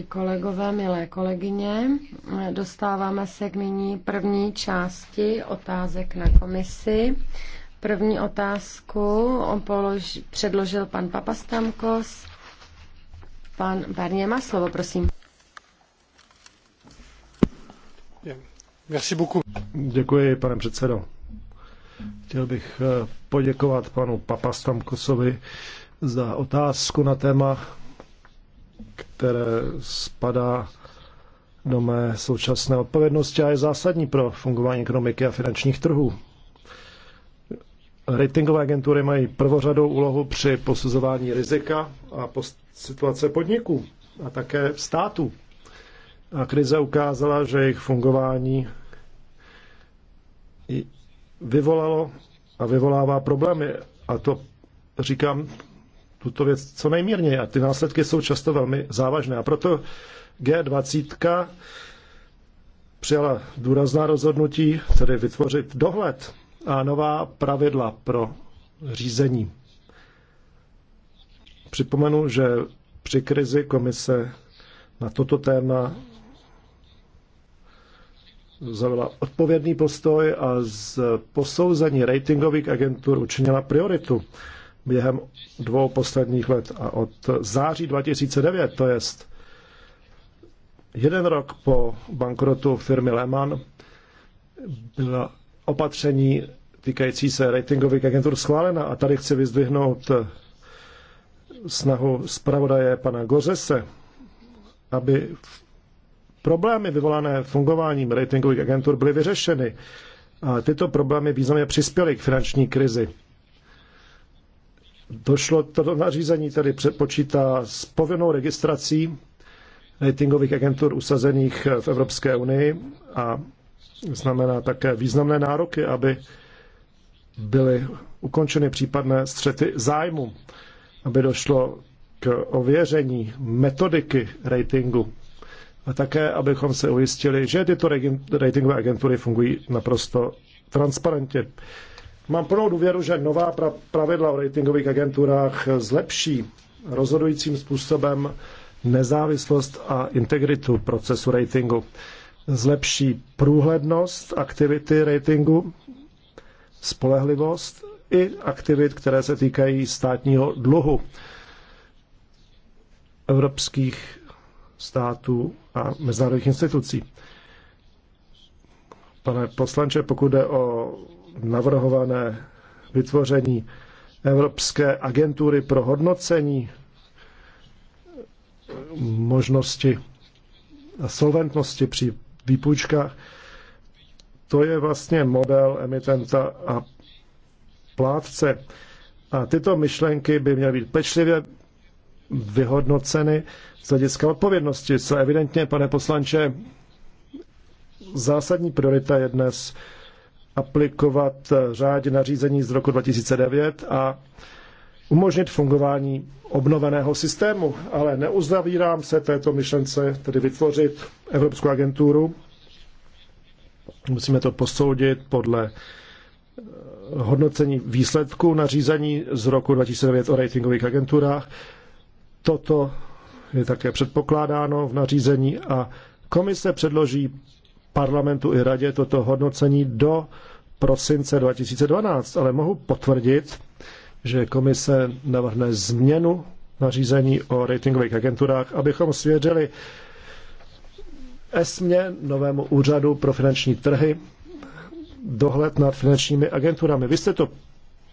Milí kolegové, milé kolegyně, dostáváme se k nyní první části otázek na komisi. První otázku on polož, předložil pan Papastamkos. Pan Barně má slovo, prosím. Děkuji, pane předsedo. Chtěl bych eh, poděkovat panu Papastamkosovi za otázku na téma které spadá do mé současné odpovědnosti a je zásadní pro fungování ekonomiky a finančních trhů. Ratingové agentury mají prvořadou úlohu při posuzování rizika a situace podniků a také států. A krize ukázala, že jejich fungování vyvolalo a vyvolává problémy. A to říkám tuto věc co nejmírněji. A ty následky jsou často velmi závažné. A proto G20 přijala důrazná rozhodnutí, tedy vytvořit dohled a nová pravidla pro řízení. Připomenu, že při krizi komise na toto téma zavila odpovědný postoj a z posouzení ratingových agentur učinila prioritu během dvou posledních let a od září 2009, to jest jeden rok po bankrotu firmy Lehman, byla opatření týkající se ratingových agentur schválena a tady chci vyzdvihnout snahu zpravodaje pana Gořese, aby problémy vyvolané fungováním ratingových agentur byly vyřešeny. A tyto problémy významně přispěly k finanční krizi. Došlo toto nařízení tedy předpočítá s povinnou registrací ratingových agentur usazených v Evropské unii a znamená také významné nároky, aby byly ukončeny případné střety zájmu, aby došlo k ověření metodiky ratingu a také, abychom se ujistili, že tyto ratingové agentury fungují naprosto transparentně. Mám plnou důvěru, že nová pravidla o ratingových agenturách zlepší rozhodujícím způsobem nezávislost a integritu procesu ratingu. Zlepší průhlednost aktivity ratingu, spolehlivost i aktivit, které se týkají státního dluhu evropských států a mezinárodních institucí. Pane poslanče, pokud jde o navrhované vytvoření Evropské agentury pro hodnocení možnosti a solventnosti při výpůjčkách. To je vlastně model emitenta a plátce. A tyto myšlenky by měly být pečlivě vyhodnoceny z hlediska odpovědnosti, co evidentně, pane poslanče, zásadní priorita je dnes aplikovat řádě nařízení z roku 2009 a umožnit fungování obnoveného systému, ale neuzavírám se této myšlence, tedy vytvořit Evropskou agenturu. Musíme to posoudit podle eh, hodnocení výsledků nařízení z roku 2009 o ratingových agenturách. Toto je také předpokládáno v nařízení a komise předloží parlamentu i radě toto hodnocení do prosince 2012, ale mohu potvrdit, že komise navrhne změnu nařízení o ratingových agenturách, abychom svěřili ESMě, novému úřadu pro finanční trhy, dohled nad finančními agenturami. Vy jste to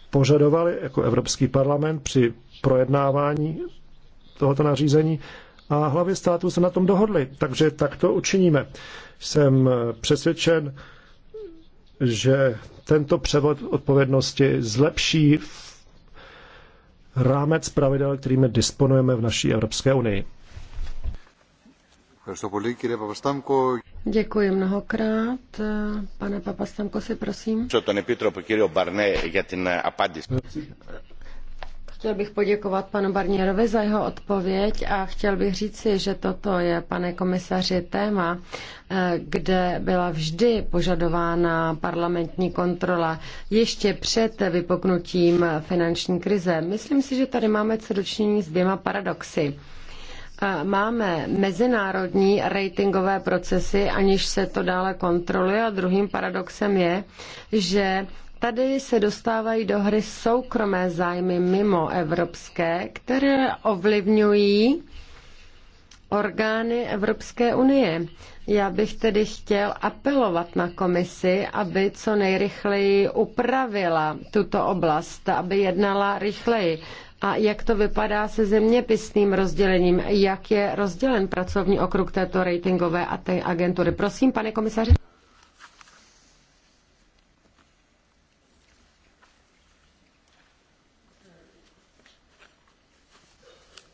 požadovali jako Evropský parlament při projednávání tohoto nařízení a hlavy států se na tom dohodly, takže tak to učiníme. Jsem přesvědčen, že tento převod odpovědnosti zlepší rámec pravidel, kterými disponujeme v naší Evropské unii. Děkuji mnohokrát. Pane Papastamko, si prosím. Co to Barné, já ten Chtěl bych poděkovat panu Barnierovi za jeho odpověď a chtěl bych říci, že toto je, pane komisaři, téma, eh, kde byla vždy požadována parlamentní kontrola ještě před vypoknutím finanční krize. Myslím si, že tady máme co dočinění s dvěma paradoxy. Eh, máme mezinárodní ratingové procesy, aniž se to dále kontroluje a druhým paradoxem je, že Tady se dostávají do hry soukromé zájmy mimo evropské, které ovlivňují orgány Evropské unie. Já bych tedy chtěl apelovat na komisi, aby co nejrychleji upravila tuto oblast, aby jednala rychleji. A jak to vypadá se zeměpisným rozdělením? Jak je rozdělen pracovní okruh této ratingové agentury? Prosím, pane komisaři.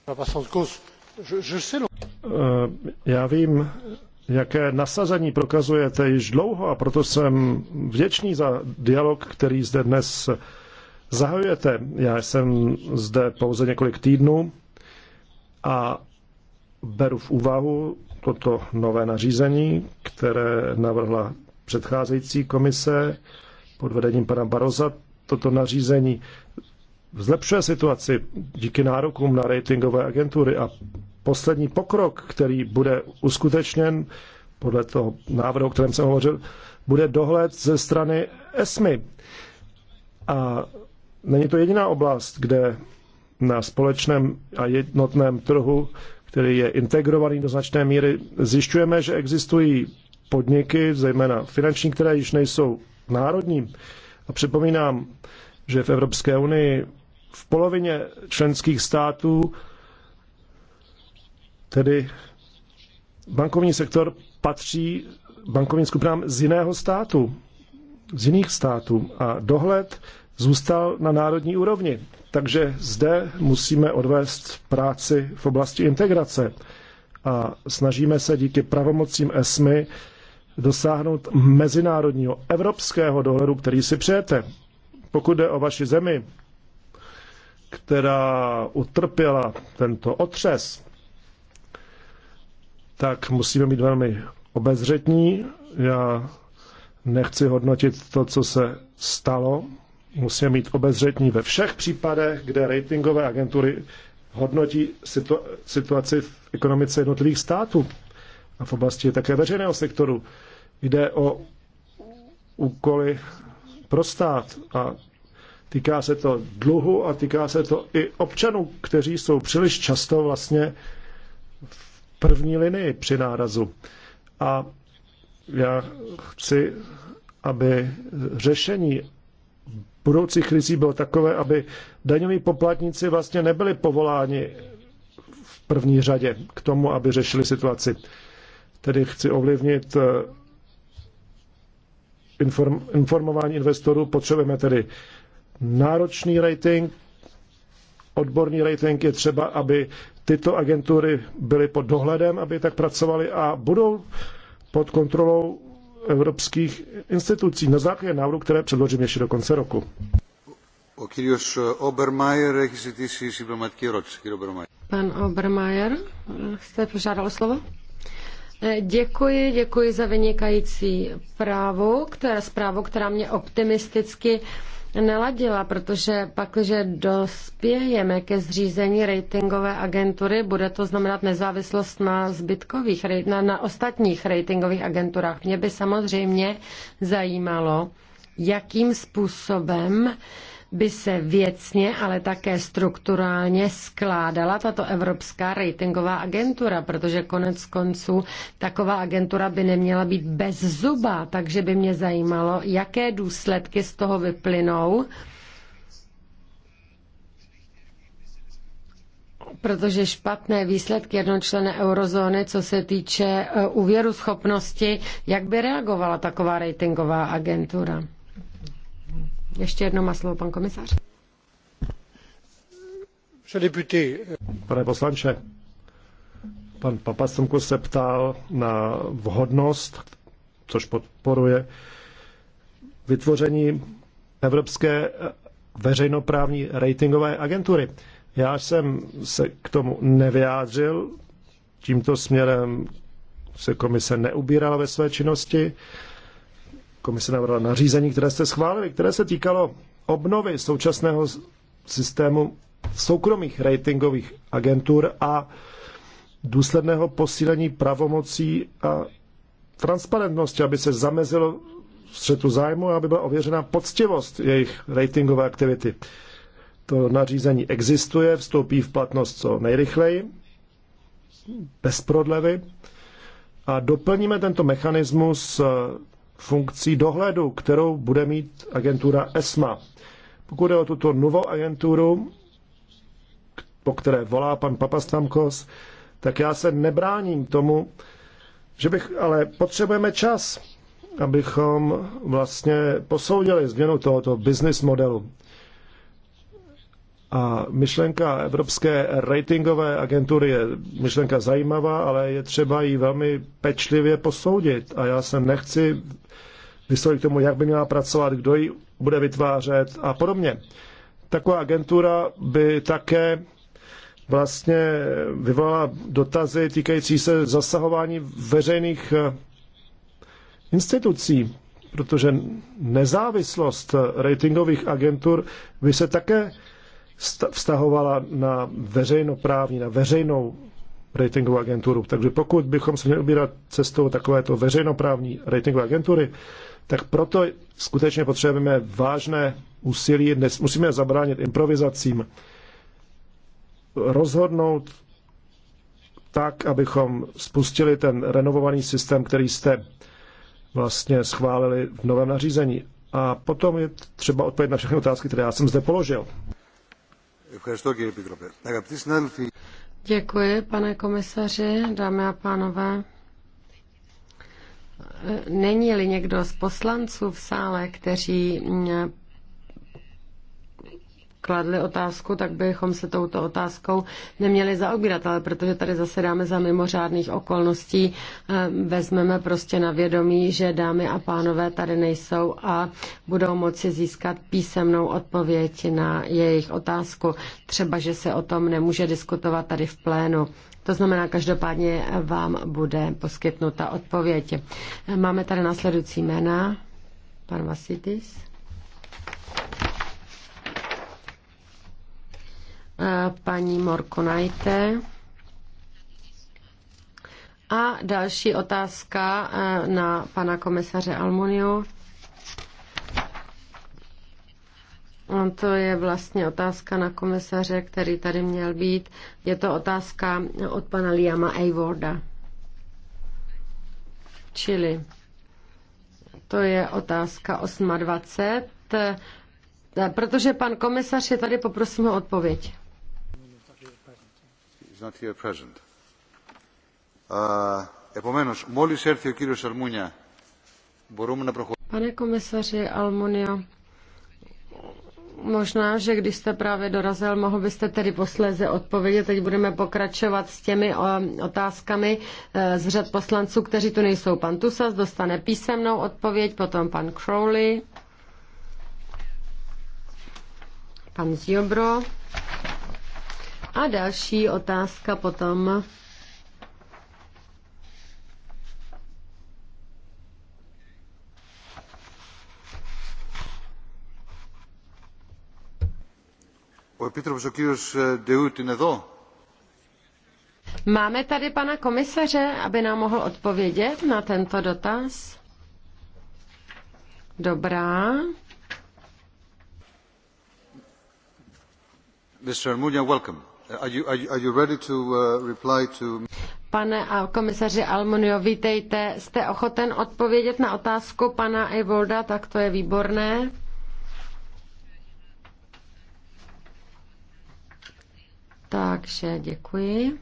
No, eh, já vím, jaké nasazení prokazujete již dlouho a proto jsem vděčný za dialog, který zde dnes zahajujete. Já jsem zde pouze několik týdnů a beru v úvahu toto nové nařízení, které navrhla předcházející komise pod vedením pana Baroza. Toto nařízení zlepšuje situaci díky nárokům na ratingové agentury a poslední pokrok, který bude uskutečněn podle toho návrhu, o kterém jsem hovořil, bude dohled ze strany ESMY. A není to jediná oblast, kde na společném a jednotném trhu, který je integrovaný do značné míry, zjišťujeme, že existují podniky, zejména finanční, které již nejsou národní. A připomínám, že v Evropské unii v polovině členských států, tedy bankovní sektor patří bankovním skupinám z jiného státu, z jiných států a dohled zůstal na národní úrovni. Takže zde musíme odvést práci v oblasti integrace a snažíme se díky pravomocím ESMY dosáhnout mezinárodního evropského dohledu, který si přejete. Pokud jde o vaši zemi, která utrpěla tento otřes, tak musíme být velmi obezřetní. Já nechci hodnotit to, co se stalo. Musíme být obezřetní ve všech případech, kde ratingové agentury hodnotí situaci v ekonomice jednotlivých států a v oblasti také veřejného sektoru. Jde o úkoly pro stát a Týká se to dluhu a týká se to i občanů, kteří jsou příliš často vlastně v první linii při nárazu. A já chci, aby řešení budoucí krizí bylo takové, aby daňoví poplatníci vlastně nebyli povoláni v první řadě k tomu, aby řešili situaci. Tedy chci ovlivnit eh, inform, informování investorů, potřebujeme tedy náročný rating, odborný rating je třeba, aby tyto agentury byly pod dohledem, aby tak pracovaly a budou pod kontrolou evropských institucí na základě návrhu, které předložím ještě do konce roku. Pan Obermeier, jste požádal slovo? Eh, děkuji, děkuji za vynikající právo, která, zprávu, která mě optimisticky uh, neladila, protože pak, že dospějeme ke zřízení ratingové agentury, bude to znamenat nezávislost na zbytkových, na, na ostatních ratingových agenturách. Mě by samozřejmě zajímalo, jakým způsobem uh, by se věcně, ale také strukturálně skládala tato Evropská ratingová agentura, protože konec konců taková agentura by neměla být bez zuba, takže by mě zajímalo, jaké důsledky z toho vyplynou. protože špatné výsledky jednočlené eurozóny, co se týče eh, úvěru schopnosti, jak by reagovala taková ratingová agentura? Ještě jedno má slovo pan komisař. Pane poslanče, pan Papastomku se ptal na vhodnost, což podporuje vytvoření Evropské veřejnoprávní ratingové agentury. Já jsem se k tomu nevyjádřil, tímto směrem se komise neubírala ve své činnosti komise navrhla nařízení, které jste schválili, které se týkalo obnovy současného systému soukromých ratingových agentur a důsledného posílení pravomocí a transparentnosti, aby se zamezilo střetu zájmu a aby byla ověřena poctivost jejich ratingové aktivity. To nařízení existuje, vstoupí v platnost co nejrychleji, bez prodlevy a doplníme tento mechanismus eh, funkcí dohledu, kterou bude mít agentura ESMA. Pokud je o tuto novou agenturu, po které volá pan Papastamkos, tak já se nebráním tomu, že bych, ale potřebujeme čas, abychom vlastně posoudili změnu tohoto business modelu. A myšlenka Evropské ratingové agentury je myšlenka zajímavá, ale je třeba ji velmi pečlivě posoudit. A já se nechci vyslovit k tomu, jak by měla pracovat, kdo ji bude vytvářet a podobně. Taková agentura by také vlastně vyvolala dotazy týkající se zasahování veřejných eh, institucí, protože nezávislost ratingových agentur by se také vztahovala na veřejnoprávní, na veřejnou ratingovou agenturu. Takže pokud bychom se měli ubírat cestou takovéto veřejnoprávní ratingové agentury, tak proto skutečně potřebujeme vážné úsilí. Dnes musíme zabránit improvizacím, rozhodnout tak, abychom spustili ten renovovaný systém, který jste vlastně schválili v novém nařízení. A potom je třeba odpovědět na všechny otázky, které já jsem zde položil. Děkuji, pane komisaři, dámy a pánové. Není-li někdo z poslanců v sále, kteří kladli otázku, tak bychom se touto otázkou neměli zaobírat, ale protože tady zasedáme za mimořádných okolností, eh, vezmeme prostě na vědomí, že dámy a pánové tady nejsou a budou moci získat písemnou odpověď na jejich otázku. Třeba, že se o tom nemůže diskutovat tady v plénu. To znamená, každopádně vám bude poskytnuta odpověď. Máme tady následující jména. Pan Vasitis. Eh, paní Morkonajte. A další otázka eh, na pana komisaře Almuniu. No, to je vlastně otázka na komisaře, který tady měl být. Je to otázka od pana Liama Ayworda. Čili to je otázka 28. Eh, protože pan komisař je tady, poprosím o odpověď. Pane komisaři Almunia, možná, že když jste právě dorazil, mohl byste tedy posléze odpovědět. Teď budeme pokračovat s těmi otázkami e, z řad poslanců, kteří tu nejsou. Pan Tusas dostane písemnou odpověď, potom pan Crowley, pan Ziobro. A další otázka potom. O Επίτροπος ο κύριος Ντεούτ Máme tady pana komisaře, aby nám mohl odpovědět na tento dotaz. Dobrá. Mr. Almunia, welcome. Pane a komisaři Almonio, vítejte. Jste ochoten odpovědět na otázku pana Evolda, tak to je výborné. Takže děkuji.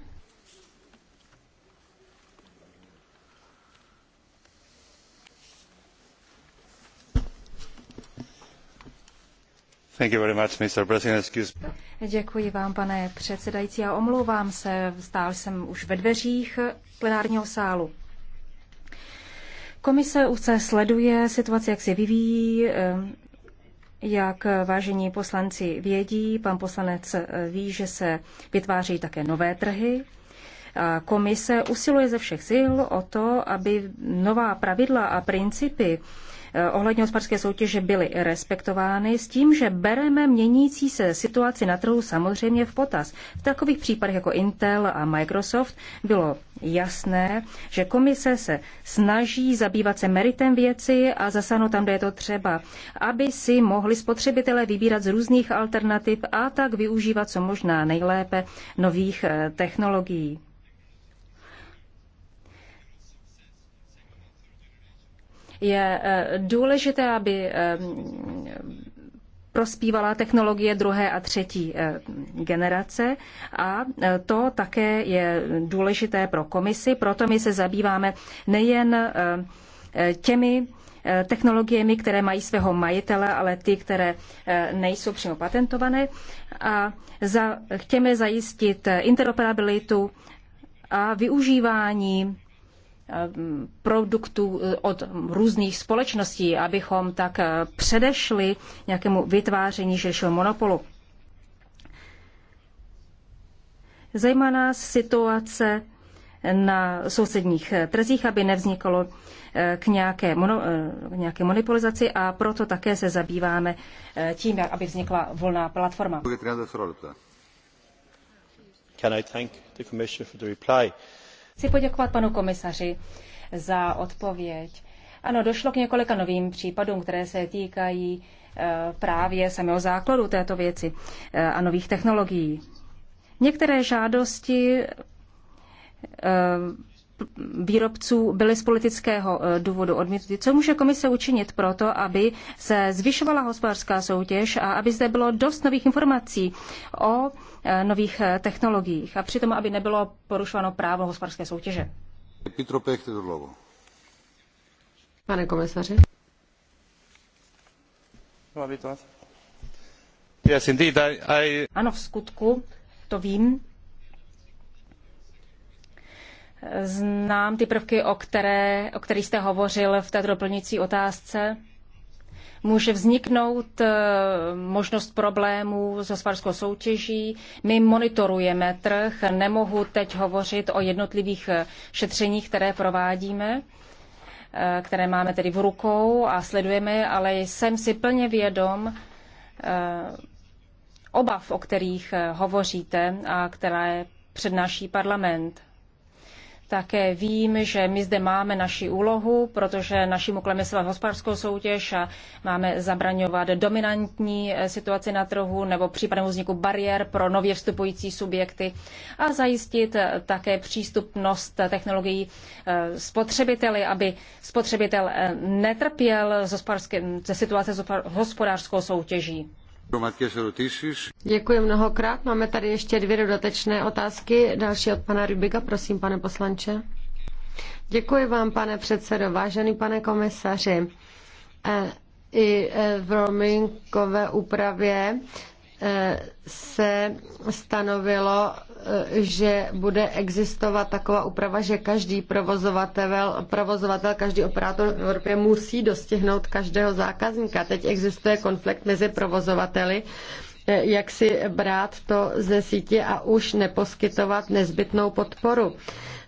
Děkuji vám, pane předsedající. a omlouvám se, stál jsem už ve dveřích plenárního sálu. Komise úce sleduje situaci, jak se vyvíjí. Eh, jak vážení poslanci vědí, pan poslanec eh, ví, že se vytváří také nové trhy. Komise usiluje ze všech sil o to, aby nová pravidla a principy Eh, ohledně hospodářské soutěže byly respektovány s tím, že bereme měnící se situaci na trhu samozřejmě v potaz. V takových případech jako Intel a Microsoft bylo jasné, že komise se snaží zabývat se meritem věci a zasáhnout tam, kde je to třeba, aby si mohli spotřebitelé vybírat z různých alternativ a tak využívat co možná nejlépe nových eh, technologií. Je eh, důležité, aby eh, prospívala technologie druhé a třetí eh, generace a to také je důležité pro komisi, proto my se zabýváme nejen těmi technologiemi, které mají svého majitele, ale ty, které nejsou přímo patentované a za, chtěme zajistit interoperabilitu a využívání produktů eh, od různých společností, abychom tak eh, předešli nějakému vytváření širšího monopolu. Zajímá nás situace na sousedních eh, trzích, aby nevznikalo k nějaké, mono, k nějaké monopolizaci a proto také se zabýváme tím, jak aby vznikla volná platforma. Can I thank the Commissioner for the reply? Chci poděkovat panu komisaři za odpověď. Ano, došlo k několika novým případům, které se týkají eh, právě samého základu této věci eh, a nových technologií. Některé žádosti eh, výrobců byly z politického eh, důvodu odmítnuty. Co může komise učinit proto, aby se zvyšovala hospodářská soutěž a aby zde bylo dost nových informací o eh, nových eh, technologiích a přitom, aby nebylo porušováno právo hospodářské soutěže? Pane komisaři. Ano, v skutku, to vím. Znám ty prvky, o, které, o kterých jste hovořil v té doplňující otázce. Může vzniknout eh, možnost problémů s hospodářskou soutěží. My monitorujeme trh, nemohu teď hovořit o jednotlivých eh, šetřeních, které provádíme eh, které máme tedy v rukou a sledujeme, ale jsem si plně vědom obav, o kterých hovoříte a které přednáší parlament. Také vím, že my zde máme naši úlohu, protože naším úkolem je sledovat hospodářskou soutěž a máme zabraňovat dominantní eh, situaci na trhu nebo případnému vzniku bariér pro nově vstupující subjekty a zajistit eh, také přístupnost technologií eh, spotřebiteli, aby spotřebitel netrpěl ze situace s hospodářskou soutěží. Děkuji mnohokrát. Máme tady ještě dvě dodatečné otázky. Další od pana Rybiga, prosím, pane poslanče. Děkuji vám, pane předsedo. Vážený pane komisaři, e, i v roamingové úpravě se stanovilo, eh, že bude existovat taková úprava, že každý provozovatel, provozovatel každý operátor v Evropě musí dostihnout každého zákazníka. Teď existuje konflikt mezi provozovateli, eh, jak si brát to ze sítě a už neposkytovat nezbytnou podporu.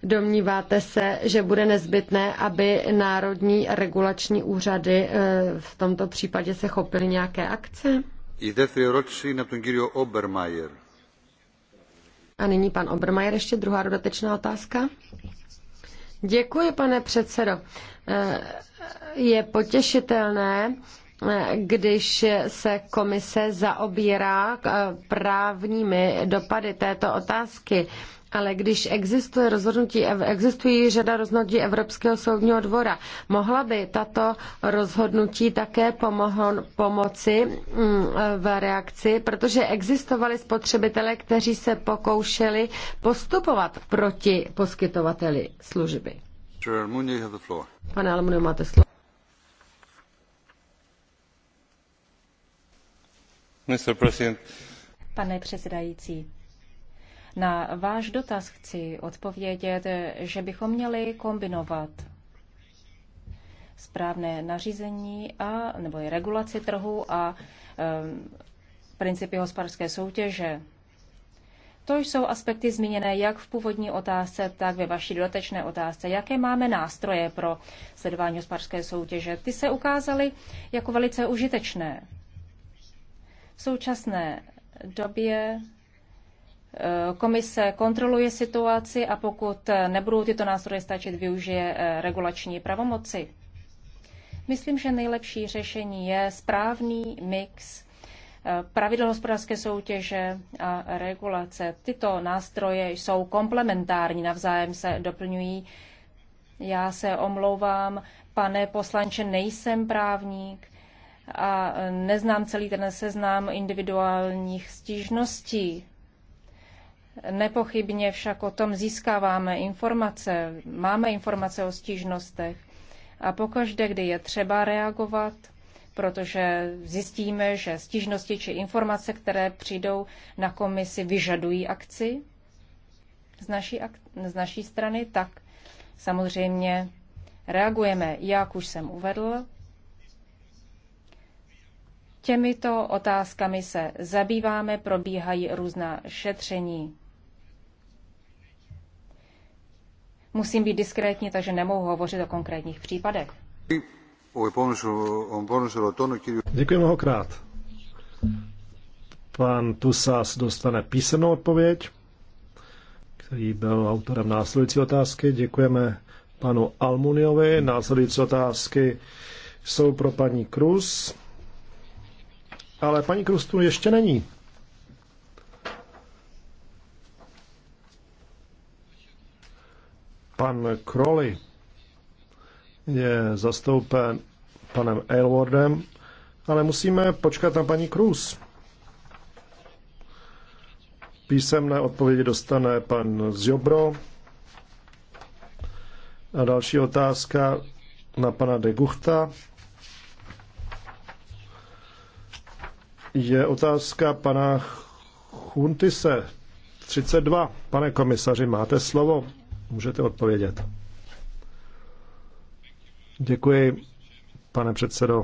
Domníváte se, že bude nezbytné, aby národní regulační úřady eh, v tomto případě se chopily nějaké akce? pan ještě druhá otázka. Děkuji, pane předsedající eh, Je potěšitelné, eh, když se komise zaobírá eh, právními dopady této otázky. Ale když existuje rozhodnutí, existují řada rozhodnutí Evropského soudního dvora, mohla by tato rozhodnutí také pomohon, pomoci mm, v reakci, protože existovali spotřebitele, kteří se pokoušeli postupovat proti poskytovateli služby. Pane Almuny, máte slovo. Pane předsedající, na váš dotaz chci odpovědět, že bychom měli kombinovat správné nařízení a, nebo i regulaci trhu a um, principy hospodářské soutěže. To jsou aspekty zmíněné jak v původní otázce, tak ve vaší dodatečné otázce. Jaké máme nástroje pro sledování hospodářské soutěže? Ty se ukázaly jako velice užitečné. V současné době Eh, komise kontroluje situaci a pokud nebudou tyto nástroje stačit, využije eh, regulační pravomoci. Myslím, že nejlepší řešení je správný mix eh, pravidel hospodářské soutěže a regulace. Tyto nástroje jsou komplementární, navzájem se doplňují. Já se omlouvám, pane poslanče, nejsem právník a neznám celý ten seznam individuálních stížností. Nepochybně však o tom získáváme informace, máme informace o stížnostech a pokaždé, kdy je třeba reagovat, protože zjistíme, že stížnosti či informace, které přijdou na komisi, vyžadují akci z naší, ak- z naší strany, tak samozřejmě reagujeme, jak už jsem uvedl. Těmito otázkami se zabýváme, probíhají různá šetření. Musím být diskrétní, takže nemohu hovořit o konkrétních případech. Děkuji mnohokrát. Pan Tusas dostane písemnou odpověď, který byl autorem následující otázky. Děkujeme panu Almuniovi. Následující otázky jsou pro paní Krus. Ale paní Krus tu ještě není. Pan Crowley je zastoupen panem Aylwardem, ale musíme počkat na paní Cruz. Písemné odpovědi dostane pan Zjobro. A další otázka na pana de Guchta. Je otázka pana Chuntise 32. Pane komisaři, máte slovo. Můžete odpovědět. Děkuji, pane předsedo.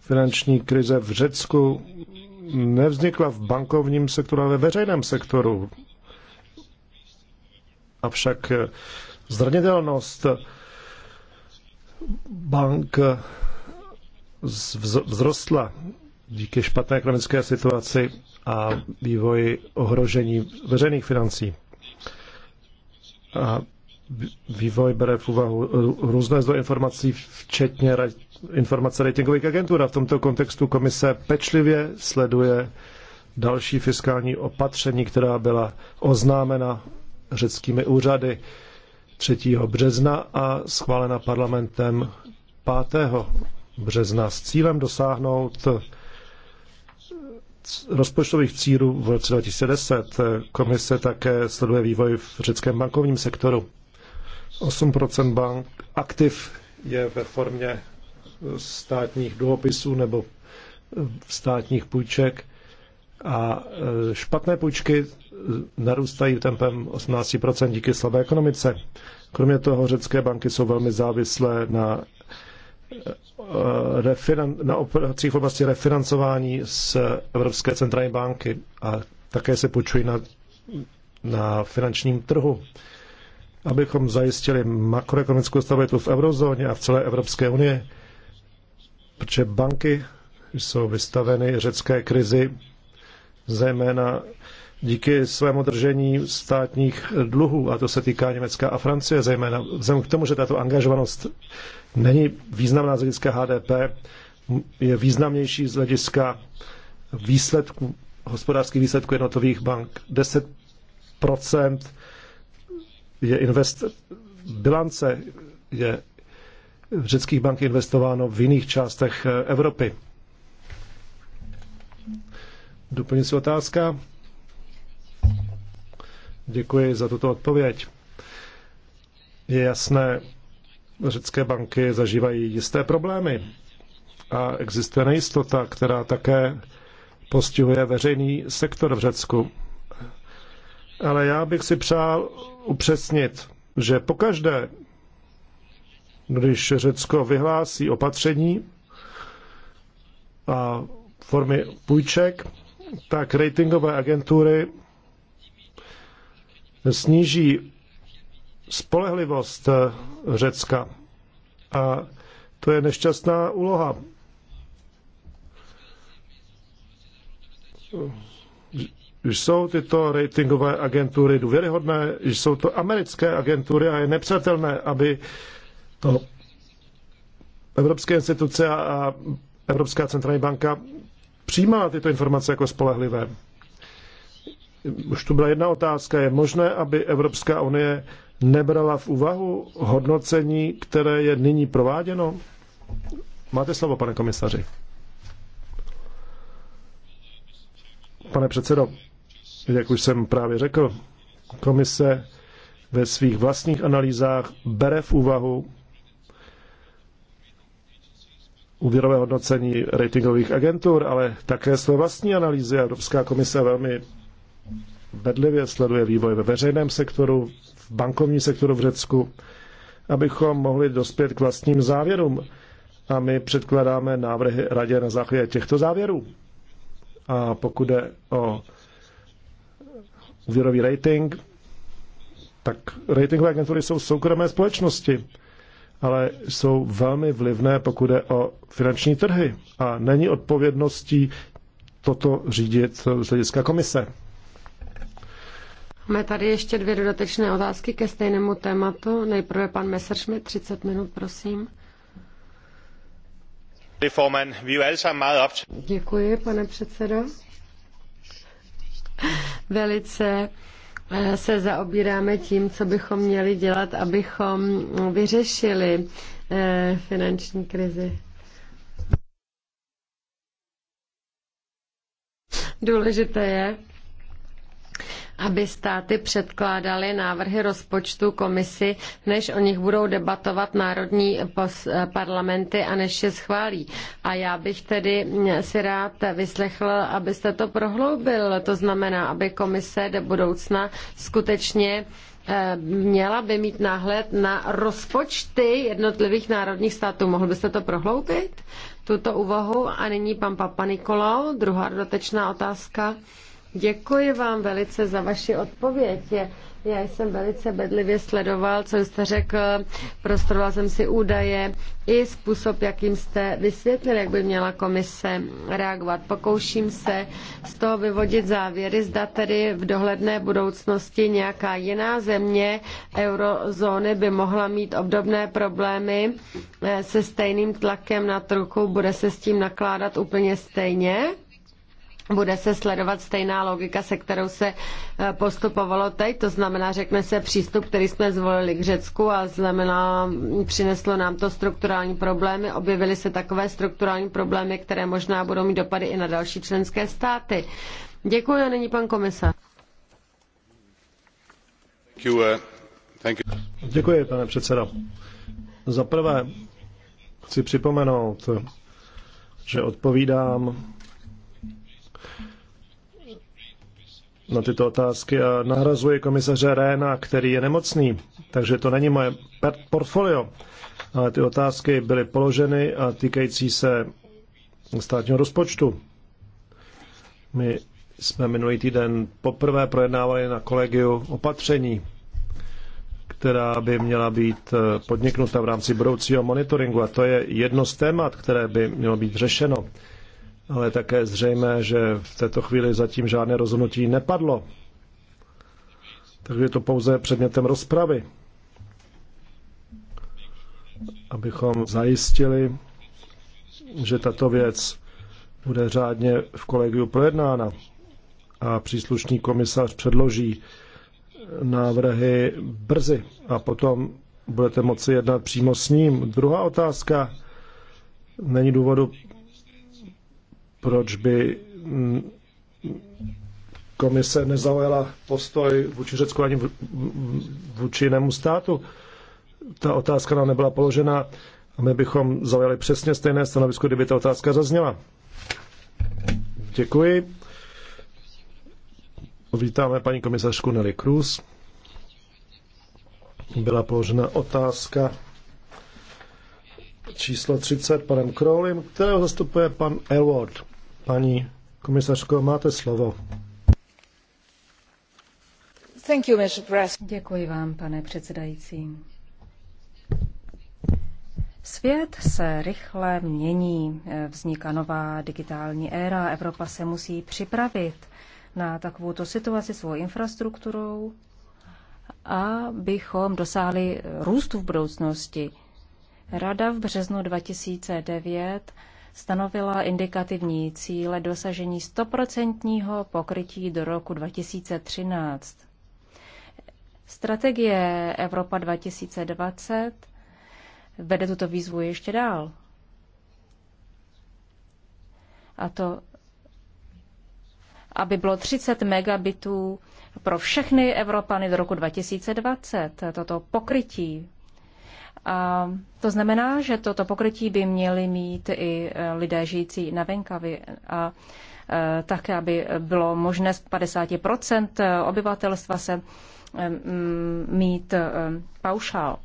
Finanční krize v Řecku nevznikla v bankovním sektoru, ale ve veřejném sektoru. Avšak zranitelnost bank vzrostla díky špatné ekonomické situaci a vývoji ohrožení veřejných financí a vývoj bere v úvahu různé zdroje informací, včetně informace ratingových agentů. A v tomto kontextu komise pečlivě sleduje další fiskální opatření, která byla oznámena řeckými úřady 3. března a schválena parlamentem 5. března s cílem dosáhnout rozpočtových cílů v roce 2010 komise také sleduje vývoj v řeckém bankovním sektoru. 8 bank aktiv je ve formě státních dluhopisů nebo státních půjček a e, špatné půjčky e, narůstají tempem 18 díky slabé ekonomice. Kromě toho řecké banky jsou velmi závislé na na operacích v oblasti refinancování z Evropské centrální banky a také se počují na, na finančním trhu. Abychom zajistili makroekonomickou stabilitu v eurozóně a v celé Evropské unii, protože banky jsou vystaveny řecké krizi, zejména díky svému držení státních dluhů, a to se týká Německa a Francie zejména. Vzhledem k tomu, že tato angažovanost není významná z hlediska HDP, je významnější z hlediska výsledku, hospodářských výsledků jednotových bank. 10 je invest, bilance je v řeckých bank investováno v jiných částech Evropy. Doplňující otázka? Děkuji za tuto odpověď. Je jasné, řecké banky zažívají jisté problémy a existuje nejistota, která také postihuje veřejný sektor v Řecku. Ale já bych si přál upřesnit, že pokaždé, když Řecko vyhlásí opatření a formy půjček, tak ratingové agentury sníží spolehlivost eh, Řecka. A to je nešťastná úloha. Jsou tyto ratingové agentury důvěryhodné? Jsou to americké agentury a je nepřátelné, aby to evropské instituce a Evropská centrální banka přijímala tyto informace jako spolehlivé. Už tu byla jedna otázka. Je možné, aby Evropská unie nebrala v úvahu hodnocení, které je nyní prováděno? Máte slovo, pane komisaři. Pane předsedo, jak už jsem právě řekl, komise ve svých vlastních analýzách bere v úvahu úvěrové hodnocení ratingových agentur, ale také své vlastní analýzy. Evropská komise velmi bedlivě sleduje vývoj ve veřejném sektoru, bankovní sektoru v Řecku, abychom mohli dospět k vlastním závěrům. A my předkládáme návrhy radě na základě těchto závěrů. A pokud jde o úvěrový rating, tak ratingové agentury jsou soukromé společnosti, ale jsou velmi vlivné, pokud jde o finanční trhy. A není odpovědností toto řídit z hlediska komise. Máme tady ještě dvě dodatečné otázky ke stejnému tématu. Nejprve pan Messerschmidt, 30 minut, prosím. Er Děkuji, pane předsedo. Velice eh, se zaobíráme tím, co bychom měli dělat, abychom vyřešili eh, finanční krizi. Důležité je, aby státy předkládaly návrhy rozpočtu komisi, než o nich budou debatovat národní parlamenty a než je schválí. A já bych tedy si rád vyslechl, abyste to prohloubil. To znamená, aby komise do budoucna skutečně eh, měla by mít náhled na rozpočty jednotlivých národních států. Mohl byste to prohloubit, tuto úvahu? A nyní pan Papa Nikolau, druhá dotečná otázka. Děkuji vám velice za vaši odpověď. Já jsem velice bedlivě sledoval, co jste řekl, prostoroval jsem si údaje i způsob, jakým jste vysvětlil, jak by měla komise reagovat. Pokouším se z toho vyvodit závěry, zda tedy v dohledné budoucnosti nějaká jiná země eurozóny by mohla mít obdobné problémy eh, se stejným tlakem na trhu, bude se s tím nakládat úplně stejně? bude se sledovat stejná logika, se kterou se eh, postupovalo teď, to znamená, řekne se přístup, který jsme zvolili k Řecku a znamená, mm, přineslo nám to strukturální problémy, objevily se takové strukturální problémy, které možná budou mít dopady i na další členské státy. Děkuji a nyní pan komisař. Eh, Děkuji, pane předsedo. Za prvé chci připomenout, že odpovídám na tyto otázky a nahrazuje komisaře Réna, který je nemocný, takže to není moje portfolio. Ale ty otázky byly položeny a týkající se státního rozpočtu. My jsme minulý týden poprvé projednávali na kolegiu opatření, která by měla být eh, podniknuta v rámci budoucího monitoringu a to je jedno z témat, které by mělo být řešeno ale také zřejmé, že v této chvíli zatím žádné rozhodnutí nepadlo. Takže je to pouze předmětem rozpravy, abychom zajistili, že tato věc bude řádně v kolegiu projednána a příslušný komisař předloží návrhy brzy a potom budete moci jednat přímo s ním. Druhá otázka. Není důvodu proč by komise nezaujala postoj vůči Řecku ani vůči jinému státu. Ta otázka nám nebyla položena a my bychom zaujali přesně stejné stanovisko, kdyby ta otázka zazněla. Děkuji. Vítáme paní komisařku Nelly Cruz. Byla položena otázka číslo 30 panem Crowlem, kterého zastupuje pan Elwood. Paní komisařko, máte slovo. You, Děkuji vám, pane předsedající. Svět se rychle mění, vzniká nová digitální éra, Evropa se musí připravit na takovouto situaci svou infrastrukturou, abychom dosáhli růstu v budoucnosti. Rada v březnu 2009 stanovila indikativní cíle dosažení 100% pokrytí do roku 2013. Strategie Evropa 2020 vede tuto výzvu ještě dál. A to, aby bylo 30 megabitů pro všechny Evropany do roku 2020, toto pokrytí a to znamená, že toto pokrytí by měli mít i e, lidé žijící na venkavi a e, také, aby bylo možné z 50% e, obyvatelstva se mít paušál,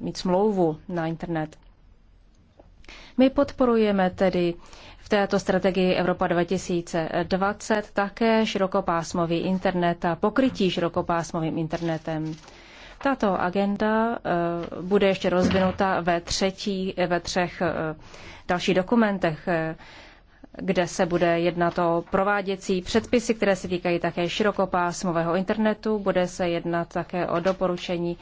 mít smlouvu na internet. My podporujeme tedy v této strategii Evropa 2020 také širokopásmový internet a pokrytí širokopásmovým internetem. Tato agenda eh, bude ještě rozvinuta ve, třetí, ve třech eh, dalších dokumentech, eh, kde se bude jednat o prováděcí předpisy, které se týkají také širokopásmového internetu. Bude se jednat také o doporučení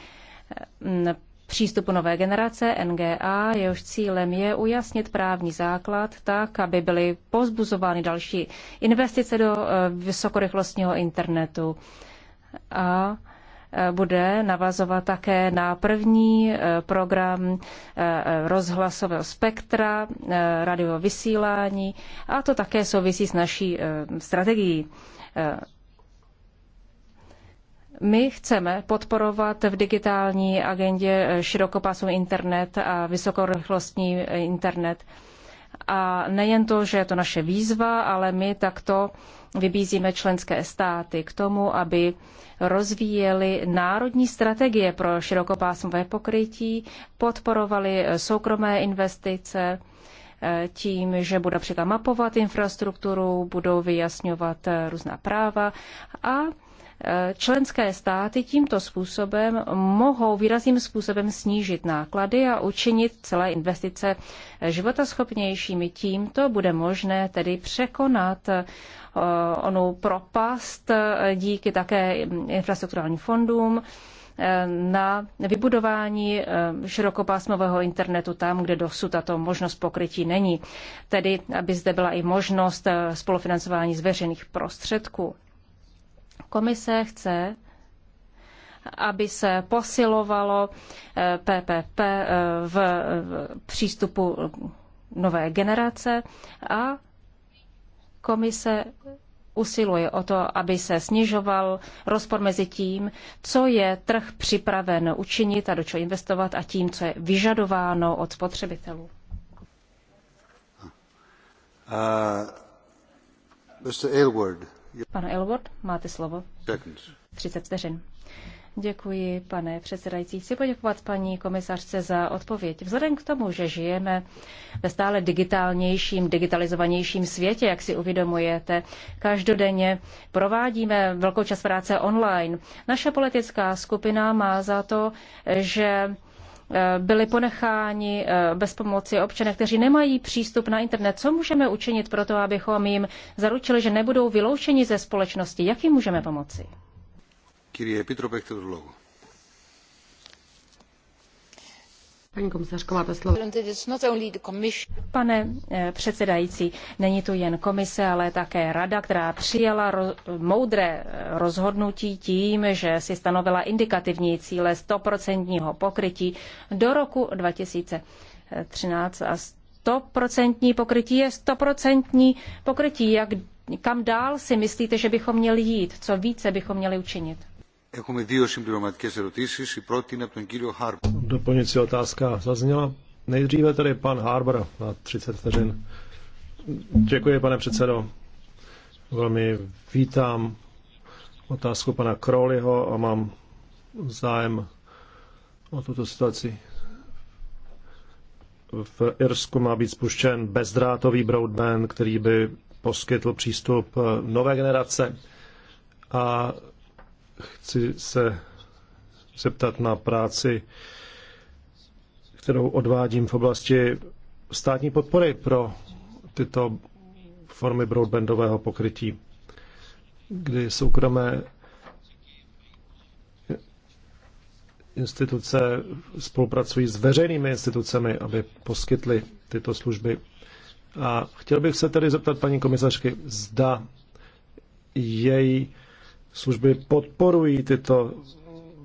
přístupu nové generace NGA, jehož cílem je ujasnit právní základ tak, aby byly pozbuzovány další investice do vysokorychlostního internetu a bude navazovat také na první eh, program eh, rozhlasového spektra, eh, radio vysílání a to také souvisí s naší strategií. My chceme podporovat v digitální agendě širokopásový internet a vysokorychlostní internet. A nejen to, že je to naše výzva, ale my takto vybízíme členské státy k tomu, aby rozvíjeli národní strategie pro širokopásmové pokrytí, podporovali soukromé investice eh, tím, že budou například mapovat infrastrukturu, budou vyjasňovat různá práva a Členské státy tímto způsobem mohou výrazným způsobem snížit náklady a učinit celé investice životaschopnějšími. Tímto bude možné tedy překonat eh, onou propast eh, díky také infrastrukturálním fondům eh, na vybudování širokopásmového internetu tam, kde dosud tato možnost pokrytí není. Tedy, aby zde byla i možnost spolufinancování z veřejných prostředků. Komise chce, aby se posilovalo PPP eh, eh, v přístupu nové generace a komise usiluje o to, aby se snižoval rozpor mezi tím, co je trh připraven učinit a do čeho investovat a tím, co je vyžadováno od spotřebitelů. Ah. Uh, Mr. Aylward. Pane Elward, máte slovo. 30 vteřin. Děkuji, pane předsedající. Chci poděkovat paní komisařce za odpověď. Vzhledem k tomu, že žijeme ve stále digitálnějším, digitalizovanějším světě, jak si uvědomujete, každodenně provádíme velkou část práce online. Naše politická skupina má za to, že Eh, byli ponecháni eh, bez pomoci občané, kteří nemají přístup na internet. Co můžeme učinit pro to, abychom jim zaručili, že nebudou vyloučeni ze společnosti? Jak jim můžeme pomoci? Kyrie Petro k Paní komisařko, máte slovo. Pane eh, předsedající, není tu jen komise, ale také rada, která přijala ro- moudré eh, rozhodnutí tím, že si stanovila indikativní cíle 100% pokrytí do roku 2013 a 100% pokrytí je 100% pokrytí. Jak, kam dál si myslíte, že bychom měli jít? Co více bychom měli učinit? Doplňující otázka zazněla. Nejdříve tedy pan Harbour na 30 vteřin. Děkuji, pane předsedo. Velmi vítám otázku pana Crowleyho a mám zájem o tuto situaci. V Irsku má být spuštěn bezdrátový broadband, který by poskytl přístup nové generace. A chci se zeptat na práci, kterou odvádím v oblasti státní podpory pro tyto formy broadbandového pokrytí, kdy soukromé instituce spolupracují s veřejnými institucemi, aby poskytly tyto služby. A chtěl bych se tedy zeptat paní komisařky, zda její služby podporují tyto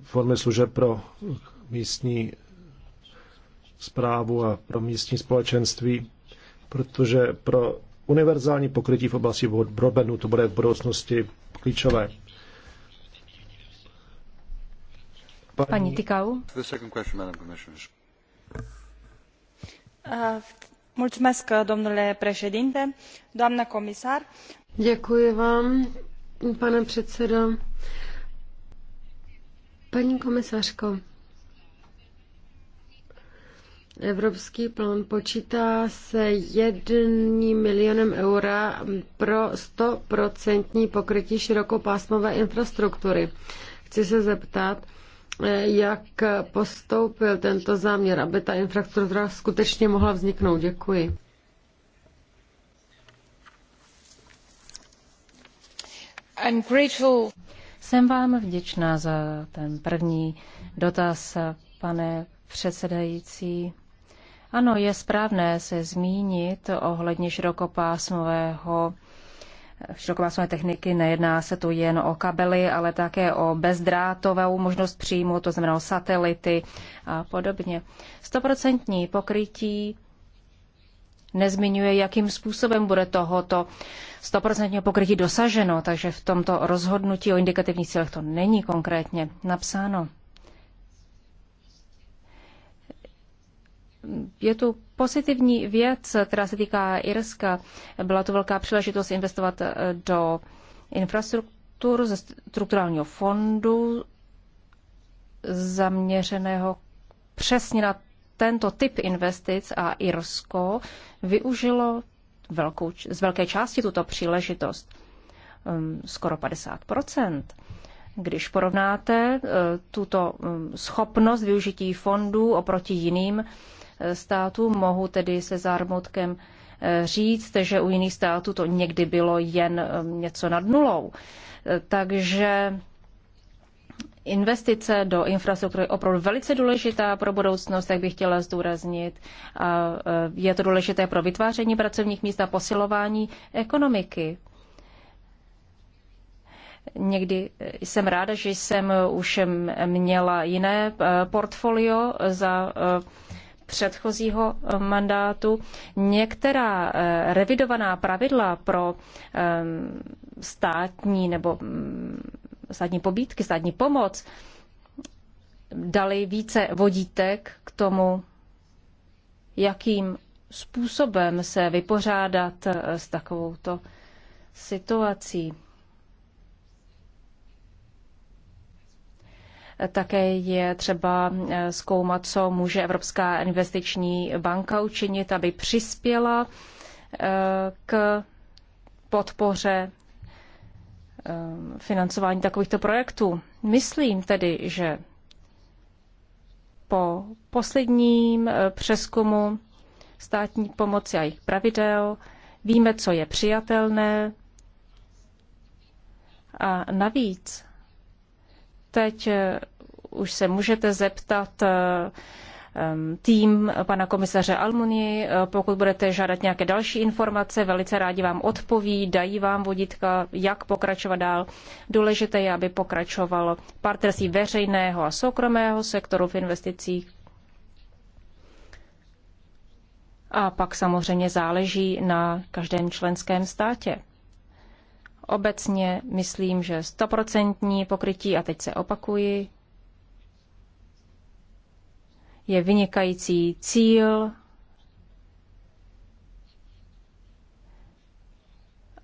formy služeb pro místní zprávu a pro místní společenství, protože pro univerzální pokrytí v oblasti broadbandu to bude v budoucnosti klíčové. Paní, Paní Tikau. Uh, mulțumesc, domnule președinte, doamnă comisar. Děkuji vám, pane předsedo. Paní komisařko, Evropský plán počítá se jedním milionem eura pro 100% pokrytí širokopásmové infrastruktury. Chci se zeptat, jak postoupil tento záměr, aby ta infrastruktura skutečně mohla vzniknout. Děkuji. Jsem vám vděčná za ten první dotaz, pane předsedající. Ano, je správné se zmínit ohledně širokopásmového širokopásmové techniky. Nejedná se tu jen o kabely, ale také o bezdrátovou možnost příjmu, to znamená o satelity a podobně. Stoprocentní pokrytí nezmiňuje, jakým způsobem bude tohoto 100% pokrytí dosaženo, takže v tomto rozhodnutí o indikativních cílech to není konkrétně napsáno. Je tu pozitivní věc, která se týká Irska. Byla to velká příležitost investovat eh, do infrastruktur ze strukturálního fondu zaměřeného přesně na tento typ investic a Irsko využilo velkou, z velké části tuto příležitost, um, skoro 50 Když porovnáte uh, tuto um, schopnost využití fondů oproti jiným uh, státům, mohu tedy se zármutkem uh, říct, že u jiných států to někdy bylo jen um, něco nad nulou. Takže investice do infrastruktury je opravdu velice důležitá pro budoucnost, jak bych chtěla zdůraznit. A e, je to důležité pro vytváření pracovních míst a posilování ekonomiky. Někdy jsem ráda, že jsem už měla jiné e, portfolio za e, předchozího mandátu. Některá revidovaná pravidla pro státní nebo státní pobídky, státní pomoc, dali více vodítek k tomu, jakým způsobem se vypořádat eh, s takovouto situací. Také je třeba eh, zkoumat, co může Evropská investiční banka učinit, aby přispěla eh, k podpoře Eh, financování takovýchto projektů. Myslím tedy, že po posledním eh, přeskumu státní pomoci a jejich pravidel víme, co je přijatelné. A navíc teď eh, už se můžete zeptat tým pana komisaře Almuny. Eh, pokud budete žádat nějaké další informace, velice rádi vám odpoví, dají vám vodítka, jak pokračovat dál. Důležité je, aby pokračovalo partnerství veřejného a soukromého sektoru v investicích. A pak samozřejmě záleží na každém členském státě. Obecně myslím, že stoprocentní pokrytí, a teď se opakuji, je vynikající cíl.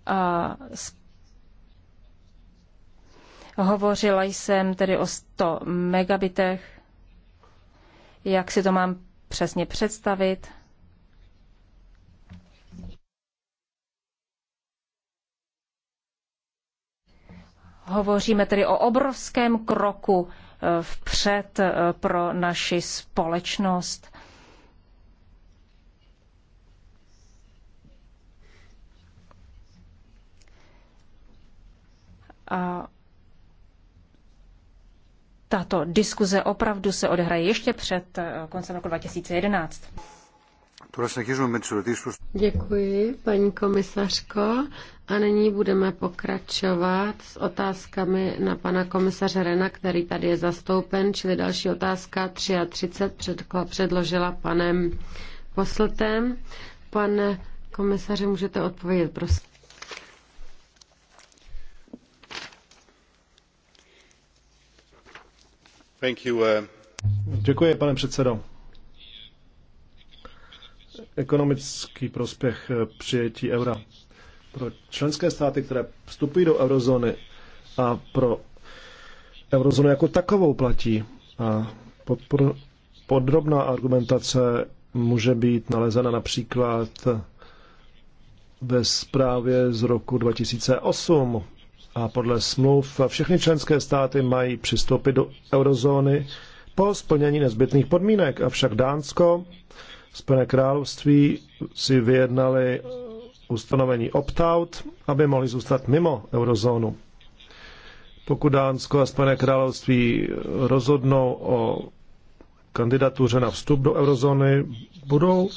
A hovořila jsem tedy o 100 megabitech, jak si to mám přesně představit. Hovoříme tedy o obrovském kroku vpřed eh, pro naši společnost. A tato diskuze opravdu se odehraje ještě před eh, koncem roku 2011. Děkuji, paní komisařko. A nyní budeme pokračovat s otázkami na pana komisaře Rena, který tady je zastoupen, čili další otázka 33 předložila panem Posltem. Pane komisaře, můžete odpovědět, prosím. Thank you, uh... Děkuji, pane předsedo ekonomický prospěch eh, přijetí eura. Pro členské státy, které vstupují do eurozóny a pro eurozónu jako takovou platí. A podrobná argumentace může být nalezena například ve zprávě z roku 2008. A podle smluv všechny členské státy mají přistoupit do eurozóny po splnění nezbytných podmínek. Avšak Dánsko Spojené království si vyjednali ustanovení opt-out, aby mohli zůstat mimo eurozónu. Pokud Dánsko a Spojené království rozhodnou o kandidatuře na vstup do eurozóny, budou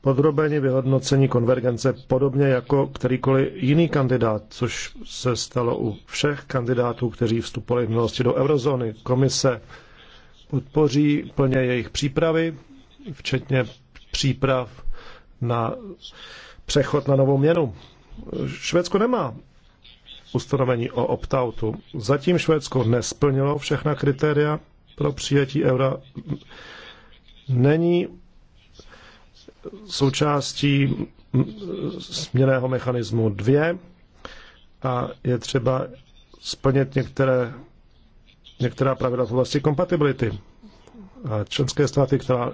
podrobeni vyhodnocení konvergence podobně jako kterýkoliv jiný kandidát, což se stalo u všech kandidátů, kteří vstupovali v minulosti do eurozóny. Komise podpoří plně jejich přípravy, včetně příprav na přechod na novou měnu. Švédsko nemá ustanovení o opt-outu. Zatím Švédsko nesplnilo všechna kritéria pro přijetí eura. Není součástí směného mechanismu 2 a je třeba splnit některé, některá pravidla v oblasti kompatibility a členské státy, která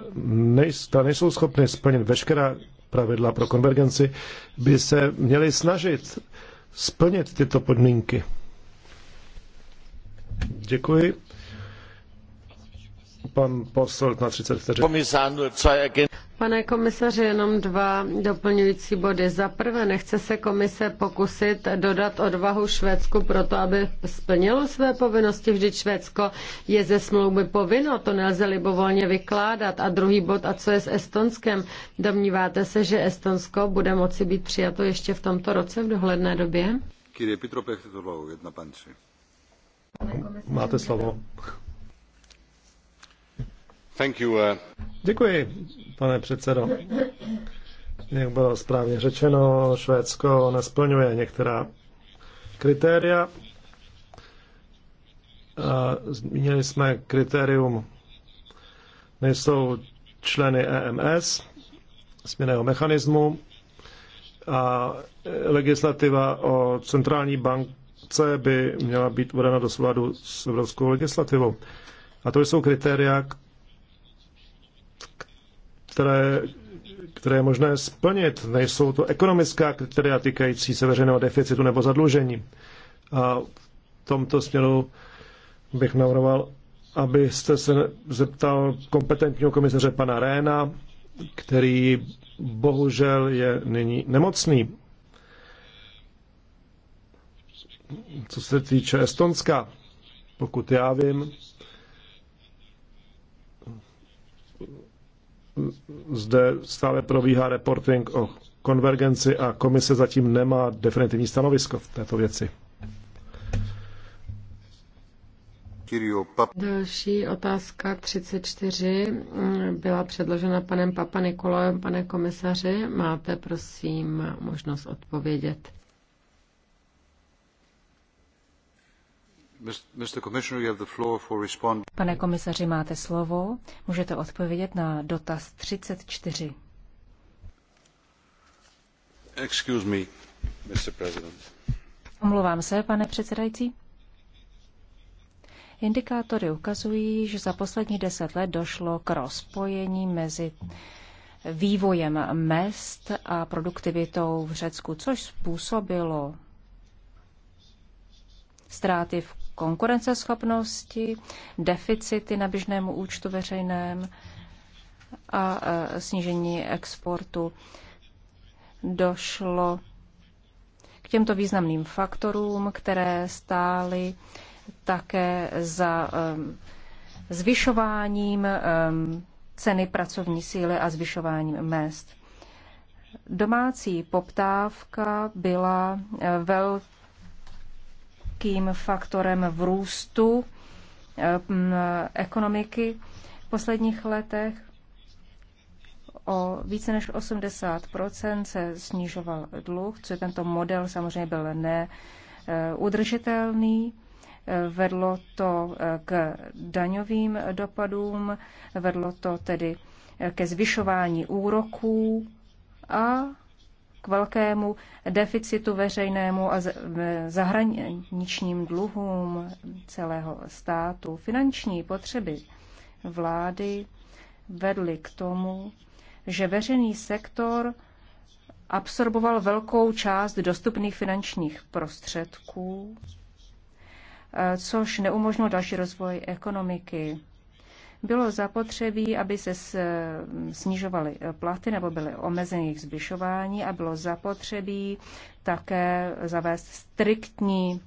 nejsou schopny splnit veškerá pravidla pro konvergenci, by se měly snažit splnit tyto podmínky. Děkuji. Pan na 30 vteřin. Pane komisaři, jenom dva doplňující body. Za prvé, nechce se komise pokusit dodat odvahu Švédsku pro to, aby splnilo své povinnosti. Vždyť Švédsko je ze smlouvy povinno, to nelze libovolně vykládat. A druhý bod, a co je s Estonskem? Domníváte se, že Estonsko bude moci být přijato ještě v tomto roce v dohledné době? Máte slovo. Uh, Děkuji, pane předsedo. Jak bylo správně řečeno, Švédsko nesplňuje některá kritéria. Zmínili jsme kritérium, nejsou členy EMS, směného mechanismu a legislativa o centrální bankce by měla být uvedena do souladu s evropskou legislativou. A to jsou kritéria, které, které je možné splnit. Nejsou to ekonomická kritéria týkající se veřejného deficitu nebo zadlužení. A v tomto směru bych navrhoval, abyste se zeptal kompetentního komisaře pana Réna, který bohužel je nyní nemocný. Co se týče Estonska, pokud já vím, zde stále probíhá reporting o konvergenci a komise zatím nemá definitivní stanovisko v této věci. Další otázka 34 mm, byla předložena panem Papa Nikolajem. Pane komisaři, máte prosím možnost odpovědět. Pane komisaři, máte slovo. Můžete odpovědět na dotaz 34. Excuse me, Mr. President. Omlouvám se, pane předsedající. Indikátory ukazují, že za poslední deset let došlo k rozpojení mezi vývojem mest a produktivitou v Řecku, což způsobilo ztráty v konkurenceschopnosti, deficity na běžnému účtu veřejném a e, snížení exportu. Došlo k těmto významným faktorům, které stály také za e, zvyšováním e, ceny pracovní síly a zvyšováním mest. Domácí poptávka byla velká velkým faktorem v růstu eh, ekonomiky v posledních letech. O více než 80 se snižoval dluh, co je tento model samozřejmě byl neudržitelný. Eh, eh, vedlo to k daňovým dopadům, vedlo to tedy ke zvyšování úroků a k velkému deficitu veřejnému a zahraničním dluhům celého státu. Finanční potřeby vlády vedly k tomu, že veřejný sektor absorboval velkou část dostupných finančních prostředků, eh, což neumožnilo další rozvoj ekonomiky bylo zapotřebí, aby se snižovaly platy nebo byly omezeny jejich zvyšování a bylo zapotřebí také zavést striktní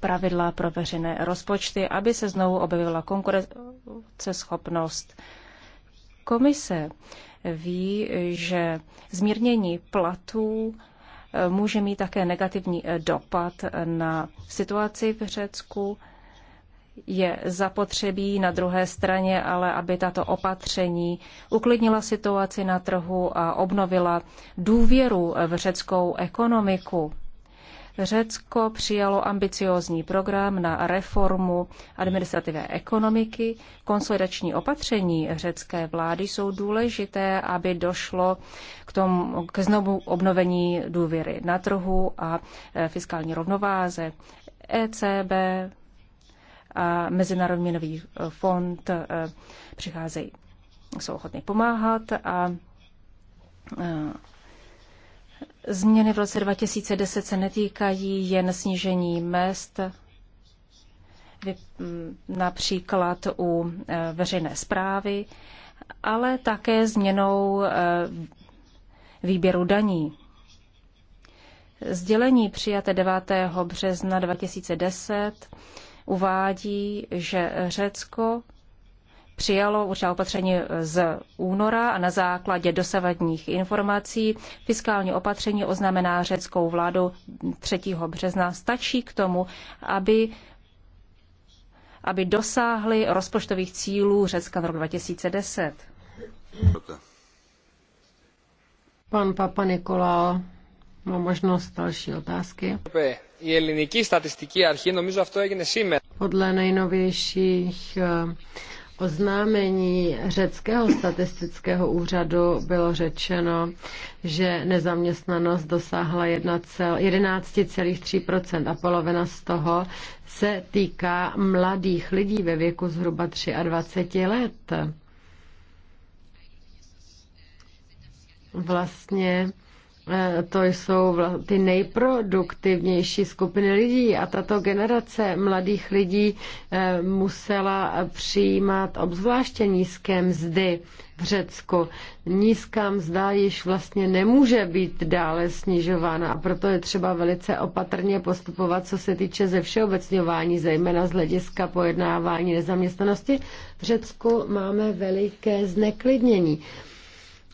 pravidla pro veřejné rozpočty, aby se znovu objevila konkurenceschopnost. Komise ví, že zmírnění platů eh, může mít také negativní eh, dopad na situaci v Řecku je zapotřebí na druhé straně, ale aby tato opatření uklidnila situaci na trhu a obnovila důvěru v řeckou ekonomiku. Řecko přijalo ambiciózní program na reformu administrativé ekonomiky. Konsolidační opatření řecké vlády jsou důležité, aby došlo k, tomu, k znovu obnovení důvěry na trhu a e, fiskální rovnováze. ECB a Mezinárodní měnový eh, fond eh, přicházejí, jsou ochotny pomáhat a eh, Změny v roce 2010 se netýkají jen snížení mest, hm, například u veřejné zprávy, ale také změnou výběru daní. Sdělení přijaté 9. března 2010 uvádí, že Řecko přijalo určitá opatření z února a na základě dosavadních informací fiskální opatření oznamená řeckou vládu 3. března stačí k tomu, aby aby dosáhly rozpočtových cílů Řecka v roku 2010. Pan Papa Nikola má možnost další otázky. Η ελληνική στατιστική αρχή, νομίζω αυτό έγινε σήμερα. Podle nejnovějších eh, oznámení řeckého statistického úřadu bylo řečeno, že nezaměstnanost dosáhla 11,3 a polovina z toho se týká mladých lidí ve věku zhruba 23 let. Vlastně Eh, to jsou ty nejproduktivnější skupiny lidí a tato generace mladých lidí eh, musela přijímat obzvláště nízké mzdy v Řecku. Nízká mzda již vlastně nemůže být dále snižována a proto je třeba velice opatrně postupovat, co se týče ze všeobecňování, zejména z hlediska pojednávání nezaměstnanosti. V Řecku máme veliké zneklidnění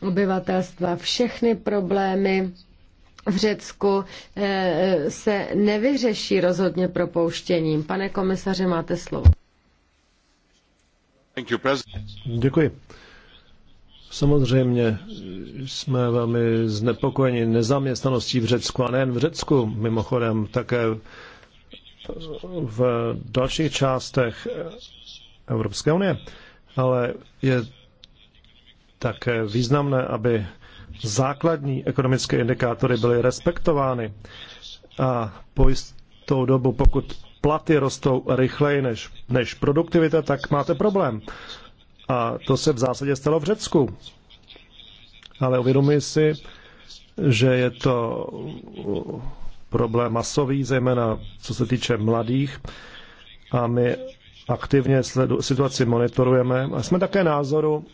obyvatelstva. Všechny problémy v Řecku eh, se nevyřeší rozhodně propouštěním. Pane komisaře, máte slovo. Děkuji. Samozřejmě jsme velmi znepokojeni nezaměstnaností v Řecku a nejen v Řecku, mimochodem také v dalších částech Evropské unie, ale je také významné, aby základní ekonomické indikátory byly respektovány a po jistou dobu, pokud platy rostou rychleji než, než produktivita, tak máte problém. A to se v zásadě stalo v Řecku. Ale uvědomuji si, že je to problém masový, zejména co se týče mladých. A my aktivně situaci monitorujeme a jsme také názoru,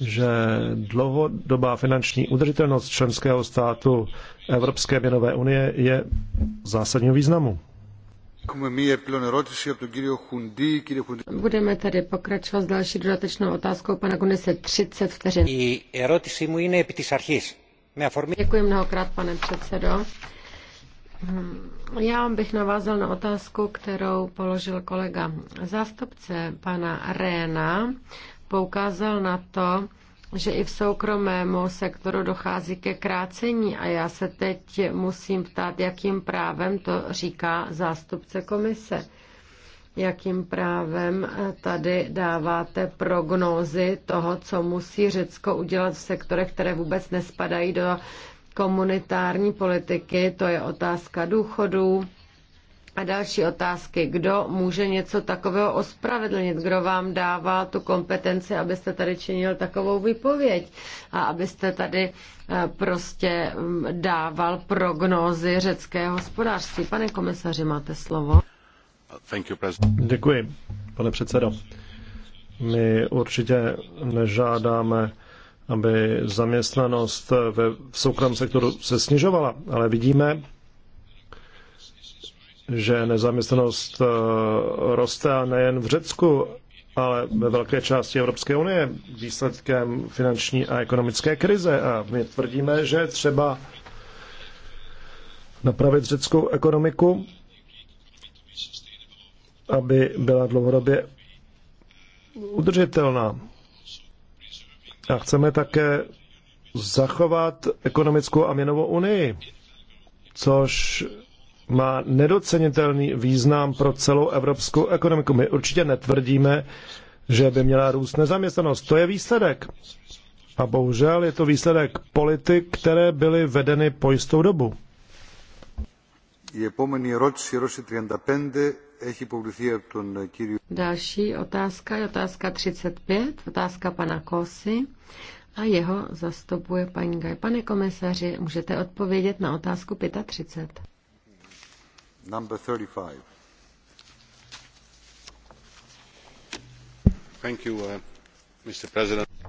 že dlouhodobá finanční udržitelnost členského státu Evropské měnové unie je zásadního významu. Budeme tedy pokračovat s další dodatečnou otázkou pana Gunise 30 vteřin. Děkuji mnohokrát, pane předsedo. Hm, já bych navázal na otázku, kterou položil kolega zástupce pana Réna poukázal na to, že i v soukromému sektoru dochází ke krácení a já se teď musím ptát, jakým právem to říká zástupce komise. Jakým právem tady dáváte prognózy toho, co musí Řecko udělat v sektorech, které vůbec nespadají do komunitární politiky? To je otázka důchodů, a další otázky. Kdo může něco takového ospravedlnit? Kdo vám dává tu kompetenci, abyste tady činil takovou výpověď a abyste tady eh, prostě mm, dával prognózy řeckého hospodářství? Pane komisaři, máte slovo. Thank you, Děkuji, pane předsedo. My určitě nežádáme, aby zaměstnanost ve soukromém sektoru se snižovala, ale vidíme, že nezaměstnanost eh, roste nejen v Řecku, ale ve velké části Evropské unie výsledkem finanční a ekonomické krize. A my tvrdíme, že třeba napravit řeckou ekonomiku, aby byla dlouhodobě udržitelná. A chceme také zachovat ekonomickou a měnovou unii, což má nedocenitelný význam pro celou evropskou ekonomiku. My určitě netvrdíme, že by měla růst nezaměstnanost. To je výsledek. A bohužel je to výsledek politik, které byly vedeny po jistou dobu. Další otázka je otázka 35, otázka pana Kosy a jeho zastupuje paní Gaj. Pane komisaři, můžete odpovědět na otázku 35. Uh,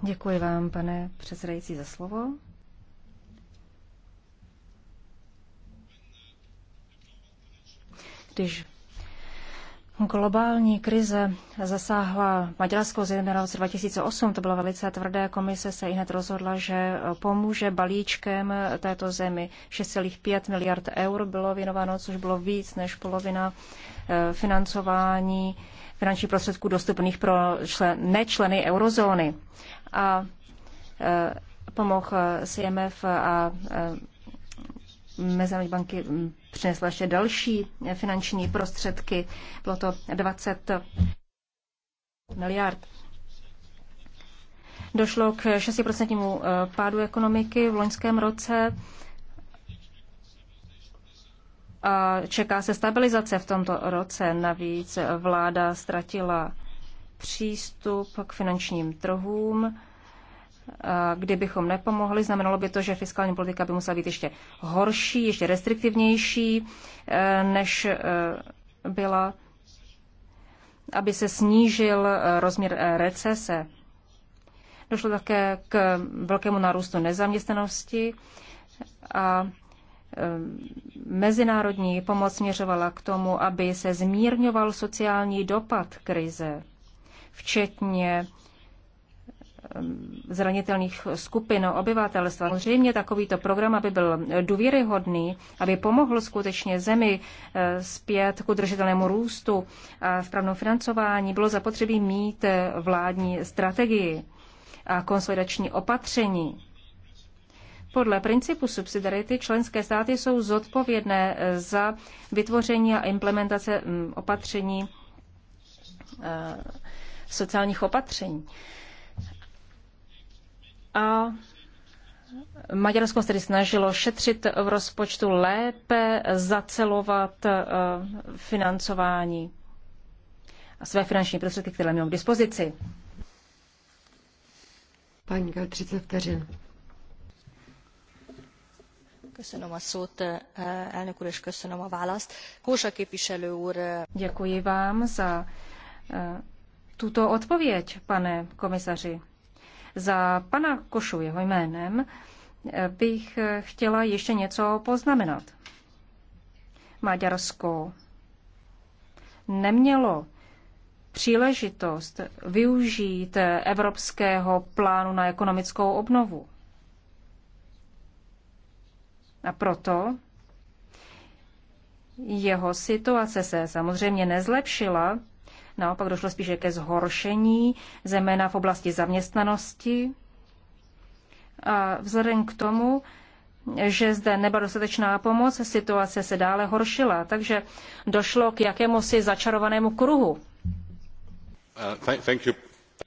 Děkuji pane předsedající, za slovo. Když Globální krize zasáhla Maďarsko zejména v roce 2008. To bylo velice tvrdé. Komise se i hned rozhodla, že pomůže balíčkem této zemi. 6,5 miliard eur bylo věnováno, což bylo víc než polovina eh, financování finančních prostředků dostupných pro člen, nečleny eurozóny. A eh, pomohl eh, CMF a Mezinárodní banky mm, přinesla ještě další finanční prostředky, bylo to 20 miliard. Došlo k 6% eh, pádu ekonomiky v loňském roce a čeká se stabilizace v tomto roce. Navíc vláda ztratila přístup k finančním trhům kdybychom nepomohli, znamenalo by to, že fiskální politika by musela být ještě horší, ještě restriktivnější, e, než e, byla, aby se snížil e, rozměr recese. Došlo také k velkému nárůstu nezaměstnanosti a mezinárodní pomoc směřovala k tomu, aby se zmírňoval sociální dopad krize, včetně zranitelných skupin no, obyvatelstva. Samozřejmě takovýto program, aby byl důvěryhodný, aby pomohl skutečně zemi zpět eh, k udržitelnému růstu a správnou financování, bylo zapotřebí mít eh, vládní strategii a konsolidační opatření. Podle principu subsidiarity členské státy jsou zodpovědné eh, za vytvoření a implementace mm, opatření sociálních opatření. A Maďarsko se tedy snažilo šetřit v rozpočtu lépe, zacelovat eh, financování a své finanční prostředky, které mělo k dispozici. Paní 30 vteřin. Köszönöm a szót, eh, elnök úr, és köszönöm a választ. Kósa képviselő úr. Eh, Děkuji vám za tuto odpověď, pane komisaři. Za pana Košu jeho jménem eh, bych eh, chtěla ještě něco poznamenat. Maďarsko nemělo příležitost využít eh, evropského plánu na ekonomickou obnovu. A proto jeho situace se samozřejmě nezlepšila Naopak došlo spíše ke zhoršení, zejména v oblasti zaměstnanosti. A vzhledem k tomu, že zde nebyla dostatečná pomoc, situace se dále horšila, takže došlo k jakému si začarovanému kruhu. Uh,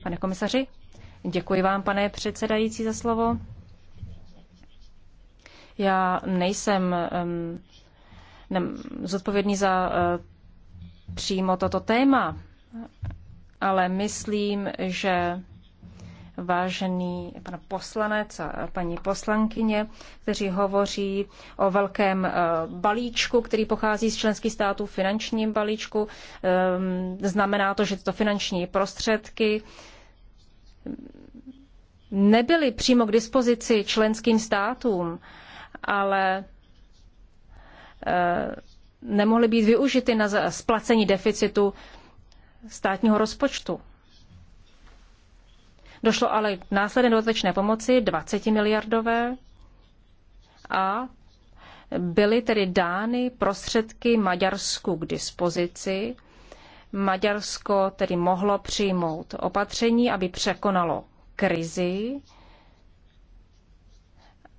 pane komisaři, děkuji vám, pane předsedající, za slovo. Já nejsem um, ne, zodpovědný za uh, přímo toto téma ale myslím, že vážený pan poslanec a paní poslankyně, kteří hovoří o velkém eh, balíčku, který pochází z členských států, finančním balíčku. Eh, znamená to, že tyto finanční prostředky nebyly přímo k dispozici členským státům, ale eh, nemohly být využity na splacení deficitu státního rozpočtu. Došlo ale k následné dodatečné pomoci 20 miliardové a byly tedy dány prostředky Maďarsku k dispozici. Maďarsko tedy mohlo přijmout opatření, aby překonalo krizi,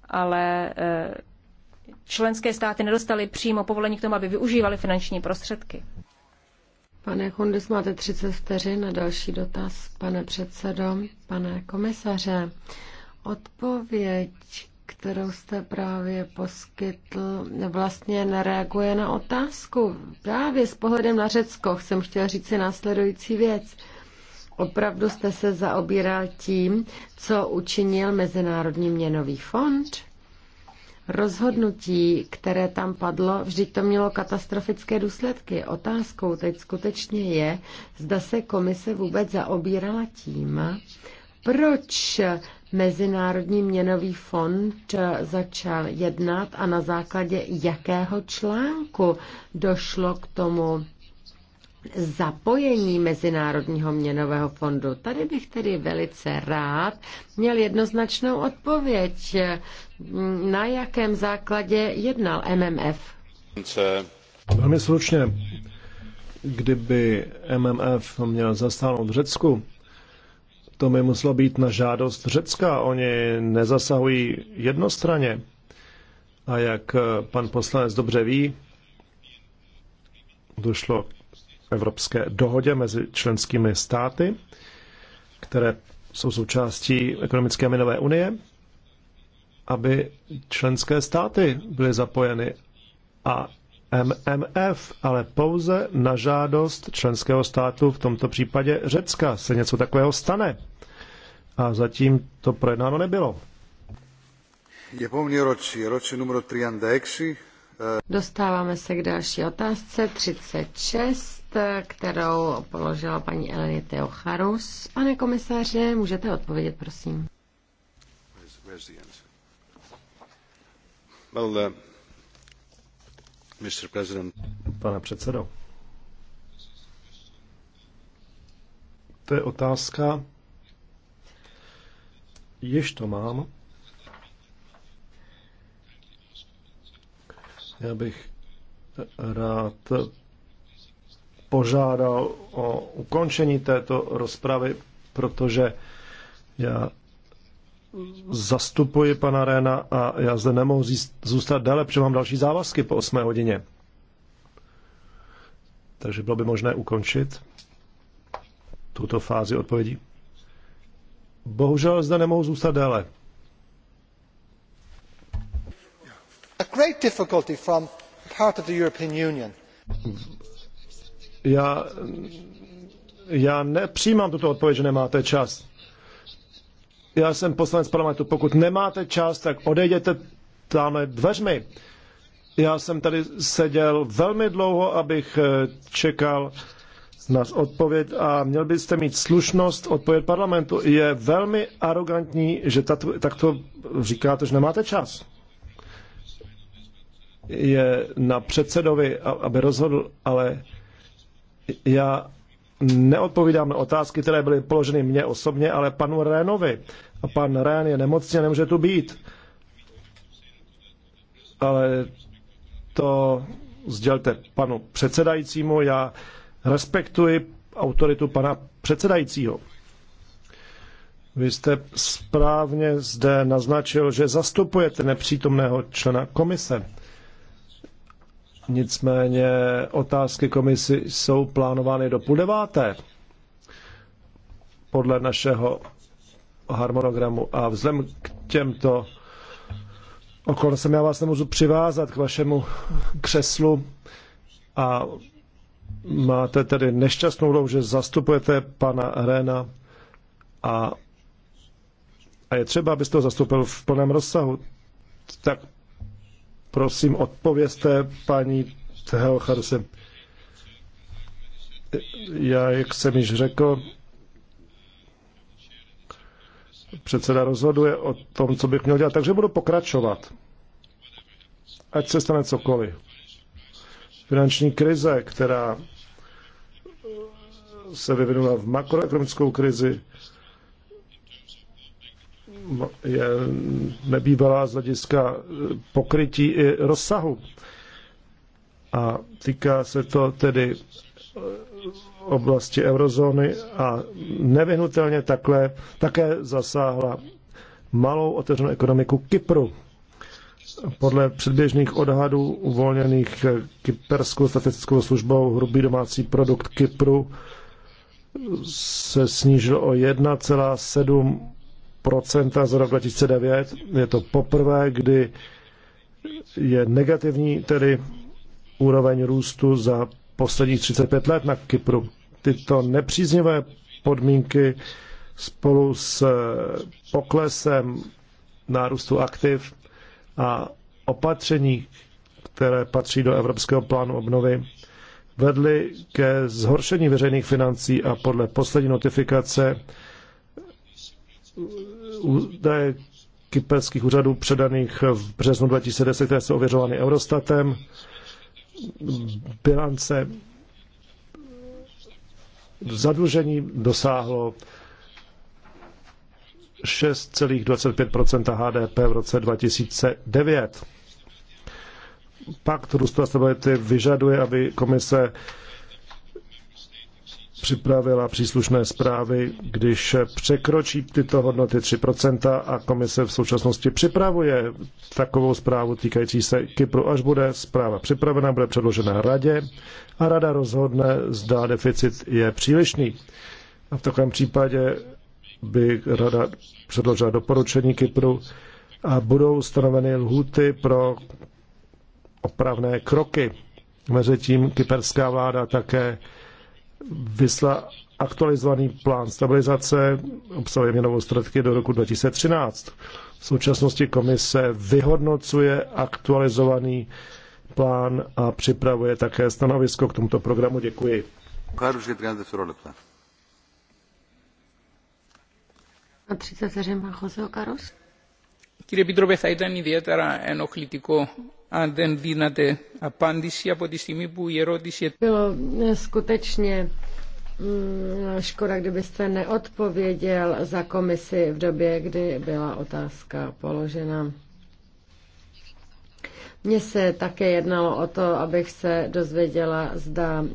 ale e, členské státy nedostaly přímo povolení k tomu, aby využívali finanční prostředky. Pane Kundis, máte 30 vteřin na další dotaz. Pane předsedo, pane komisaře, odpověď, kterou jste právě poskytl, vlastně nereaguje na otázku. Právě s pohledem na Řecko jsem chtěl říct si následující věc. Opravdu jste se zaobíral tím, co učinil Mezinárodní měnový fond? rozhodnutí, které tam padlo, vždyť to mělo katastrofické důsledky. Otázkou teď skutečně je, zda se komise vůbec zaobírala tím, proč Mezinárodní měnový fond začal jednat a na základě jakého článku došlo k tomu zapojení Mezinárodního měnového fondu. Tady bych tedy velice rád měl jednoznačnou odpověď, na jakém základě jednal MMF. Velmi stručně, kdyby MMF měl zastáhnout Řecku, to by muselo být na žádost Řecka. Oni nezasahují jednostranně. A jak pan poslanec dobře ví, došlo evropské dohodě mezi členskými státy, které jsou součástí ekonomické minové unie, aby členské státy byly zapojeny a MMF, ale pouze na žádost členského státu, v tomto případě Řecka, se něco takového stane. A zatím to projednáno nebylo. Eh. Dostáváme se k další otázce, 36 kterou položila paní Eleni Teocharus. Pane komisaře, můžete odpovědět, prosím. Uh, Pane předsedo, to je otázka, jež to mám. Já bych rád požádal o ukončení této rozpravy, protože já zastupuji pana Réna a já zde nemohu zůstat déle, protože mám další závazky po 8 hodině. Takže bylo by možné ukončit tuto fázi odpovědí. Bohužel zde nemohu zůstat déle. A great difficulty from part of the European Union. Já, já nepřijímám tuto odpověď, že nemáte čas. Já jsem poslanec parlamentu. Pokud nemáte čas, tak odejděte tamhle dveřmi. Já jsem tady seděl velmi dlouho, abych eh, čekal na odpověď a měl byste mít slušnost odpověď parlamentu. Je velmi arrogantní, že tato, takto říkáte, že nemáte čas. Je na předsedovi, aby rozhodl, ale já neodpovídám na otázky, které byly položeny mně osobně, ale panu Rénovi. A pan Rén je nemocný a nemůže tu být. Ale to sdělte panu předsedajícímu. Já respektuji autoritu pana předsedajícího. Vy jste správně zde naznačil, že zastupujete nepřítomného člena komise. Nicméně otázky komisi jsou plánovány do půl deváté podle našeho harmonogramu. A vzhledem k těmto okolnostem já vás nemůžu přivázat k vašemu křeslu a máte tedy nešťastnou dobu, že zastupujete pana Rena a, a je třeba, abyste ho zastoupil v plném rozsahu. Tak Prosím, odpověste paní Theocharse. Já, jak jsem již řekl, předseda rozhoduje o tom, co bych měl dělat, takže budu pokračovat. Ať se stane cokoliv. Finanční krize, která se vyvinula v makroekonomickou krizi, je nebývalá z hlediska e, pokrytí i rozsahu. A týká se to tedy e, oblasti eurozóny a nevyhnutelně takhle také zasáhla malou otevřenou ekonomiku Kypru. Podle předběžných odhadů uvolněných e, Kyperskou statistickou službou hrubý domácí produkt Kypru se snížil o za rok 2009. Je to poprvé, kdy je negativní tedy úroveň růstu za posledních 35 let na Kypru. Tyto nepříznivé podmínky spolu s poklesem nárůstu aktiv a opatření, které patří do Evropského plánu obnovy, vedly ke zhoršení veřejných financí a podle poslední notifikace údaje kyperských úřadů předaných v březnu 2010, které jsou ověřovány Eurostatem, bilance zadlužení dosáhlo 6,25 HDP v roce 2009. Pakt růstu a stability vyžaduje, aby komise připravila příslušné zprávy, když překročí tyto hodnoty 3% a komise v současnosti připravuje takovou zprávu týkající se Kypru. Až bude zpráva připravena, bude předložena radě a rada rozhodne, zda deficit je přílišný. A v takovém případě by rada předložila doporučení Kypru a budou stanoveny lhuty pro opravné kroky. Mezitím kyperská vláda také vysla aktualizovaný plán stabilizace obsahuje měnovou strategii do roku 2013. V současnosti komise vyhodnocuje aktualizovaný plán a připravuje také stanovisko k tomuto programu. Děkuji. Kdyby drobě vteřin má Jose Ocaros. Κύριε bylo eh, skutečně mm, škoda, kdybyste neodpověděl za komisi v době, kdy byla otázka položena. Mně se také jednalo o to, abych se dozvěděla, zda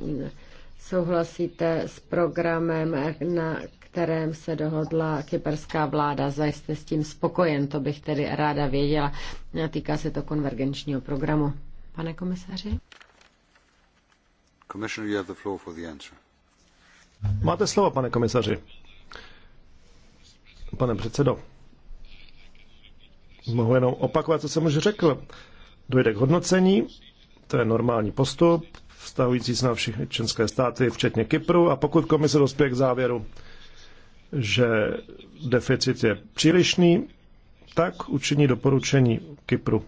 souhlasíte s programem, eh, na kterém se dohodla kyperská vláda. Zajste s tím spokojen, to bych tedy ráda věděla. Týká se to konvergenčního programu. Pane komisaři? Máte slovo, pane komisaři. Pane předsedo, mohu jenom opakovat, co jsem už řekl. Dojde k hodnocení, to je normální postup, vztahující se na všechny členské státy, včetně Kypru, a pokud komise dospěje k závěru, že deficit je přílišný, tak učiní doporučení Kypru.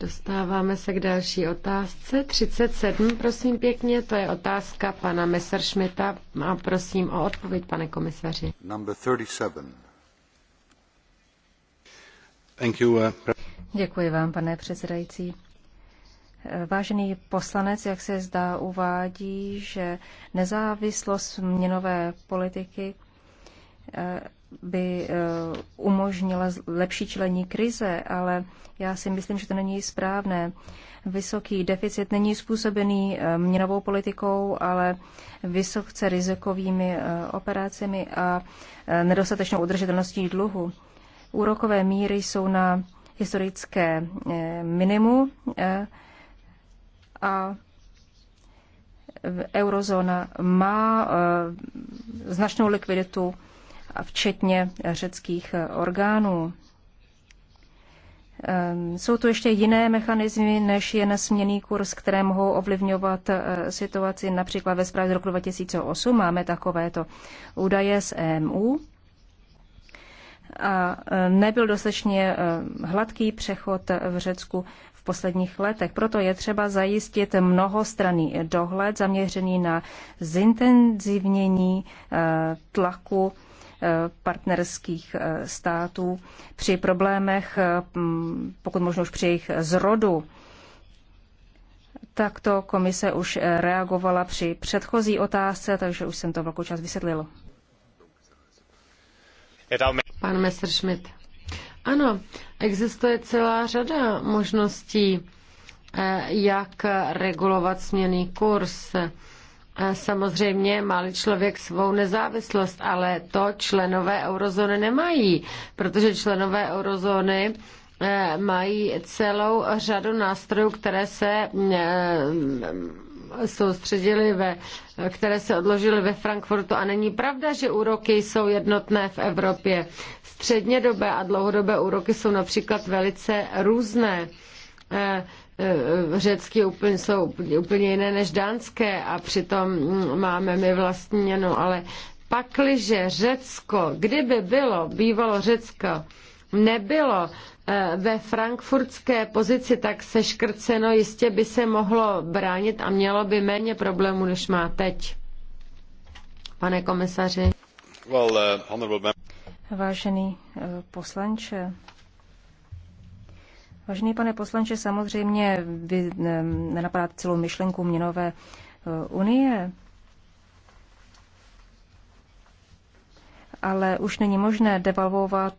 Dostáváme se k další otázce. 37, prosím pěkně, to je otázka pana Messerschmitta a prosím o odpověď, pane komisaři. Uh, Děkuji vám, pane předsedající. Vážený poslanec, jak se zdá, uvádí, že nezávislost měnové politiky eh, by eh, umožnila lepší člení krize, ale já si myslím, že to není správné. Vysoký deficit není způsobený eh, měnovou politikou, ale vysokce rizikovými operacemi a nedostatečnou udržitelností dluhu. Úrokové míry jsou na historické minimum a eurozóna má eh, značnou likviditu, včetně řeckých eh, orgánů. Eh, jsou tu ještě jiné mechanismy, než je nesměný kurz, které mohou ovlivňovat situaci. Například ve zprávě z roku 2008 máme takovéto údaje z EMU. A nebyl dostatečně hladký přechod v Řecku posledních letech. Proto je třeba zajistit mnohostranný dohled zaměřený na zintenzivnění eh, tlaku eh, partnerských eh, států při problémech, hm, pokud možno už při jejich zrodu. Takto komise už reagovala při předchozí otázce, takže už jsem to velkou část vysvětlil. Pan Messerschmidt. Ano, existuje celá řada možností, eh, jak regulovat směný kurz. Eh, samozřejmě má člověk svou nezávislost, ale to členové eurozóny nemají, protože členové eurozóny eh, mají celou řadu nástrojů, které se soustředili ve, které se odložily ve Frankfurtu a není pravda, že úroky jsou jednotné v Evropě. Střednědobé a dlouhodobé úroky jsou například velice různé eh, eh, řecky úplně, jsou úplně jiné než dánské a přitom máme my vlastní měnu, ale pakliže Řecko, kdyby bylo bývalo Řecko, nebylo Eh, ve frankfurtské pozici tak seškrceno, jistě by se mohlo bránit a mělo by méně problémů, než má teď. Pane komisaři. Well, uh, Vážený eh, poslanče, Vážený pane poslanče, samozřejmě vy nenapadáte celou myšlenku měnové unie, ale už není možné devalvovat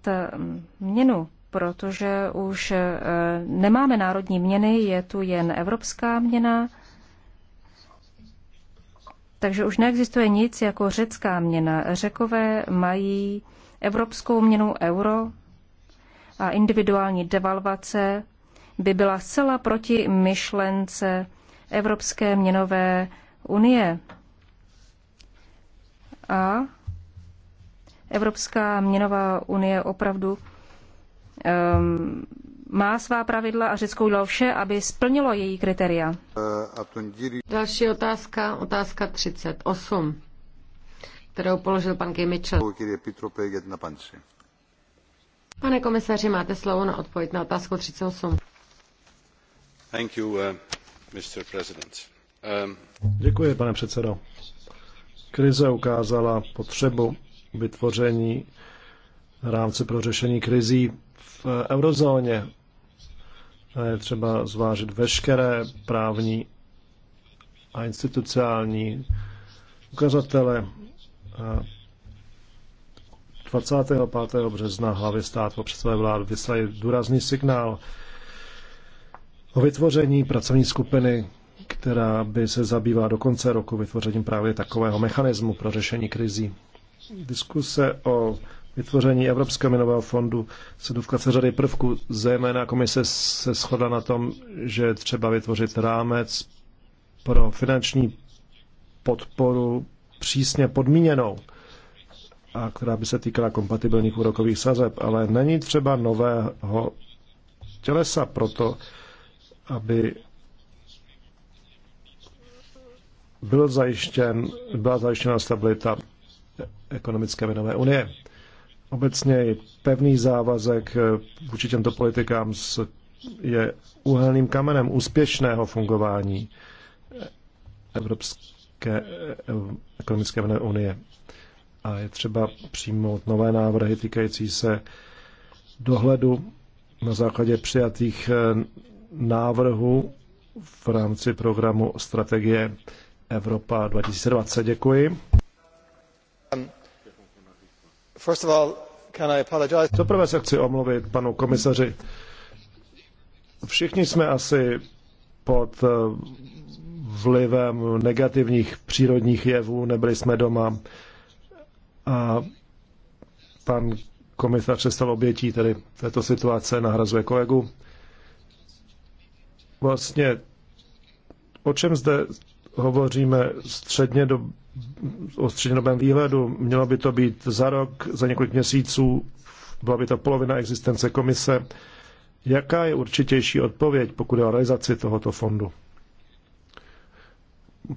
měnu protože už eh, nemáme národní měny, je tu jen evropská měna, takže už neexistuje nic jako řecká měna. Řekové mají evropskou měnu euro a individuální devalvace by byla zcela proti myšlence Evropské měnové unie. A Evropská měnová unie opravdu Ehm, má svá pravidla a Řecko udělalo vše, aby splnilo její kritéria. Další otázka, otázka 38, kterou položil pan Kimičel. Pane komisaři, máte slovo na odpověď na otázku 38. Thank you, uh, Mr. President. Um... Děkuji, pane předsedo. Krize ukázala potřebu vytvoření rámce pro řešení krizí v eurozóně. A je třeba zvážit veškeré právní a institucionální ukazatele. 25. března hlavy po představy vlád vyslali důrazný signál o vytvoření pracovní skupiny, která by se zabývala do konce roku vytvořením právě takového mechanismu pro řešení krizí. Diskuse o vytvoření Evropského minového fondu se dovká se řady prvků. Zejména komise se shodla na tom, že třeba vytvořit rámec pro finanční podporu přísně podmíněnou, a která by se týkala kompatibilních úrokových sazeb, ale není třeba nového tělesa proto, aby byl zajištěn, byla zajištěna stabilita ekonomické minové unie obecně i pevný závazek eh, vůči těmto politikám je uhelným kamenem úspěšného fungování Evropské eh, ekonomické unie. A je třeba přijmout nové návrhy týkající se dohledu na základě přijatých eh, návrhů v rámci programu Strategie Evropa 2020. Děkuji. Za prvé se chci omluvit panu komisaři. Všichni jsme asi pod eh, vlivem negativních přírodních jevů, nebyli jsme doma a pan komisař se stal obětí tedy této situace, nahrazuje kolegu. Vlastně o čem zde hovoříme středně do, o střednědobém výhledu. Mělo by to být za rok, za několik měsíců, byla by to polovina existence komise. Jaká je určitější odpověď, pokud je o realizaci tohoto fondu?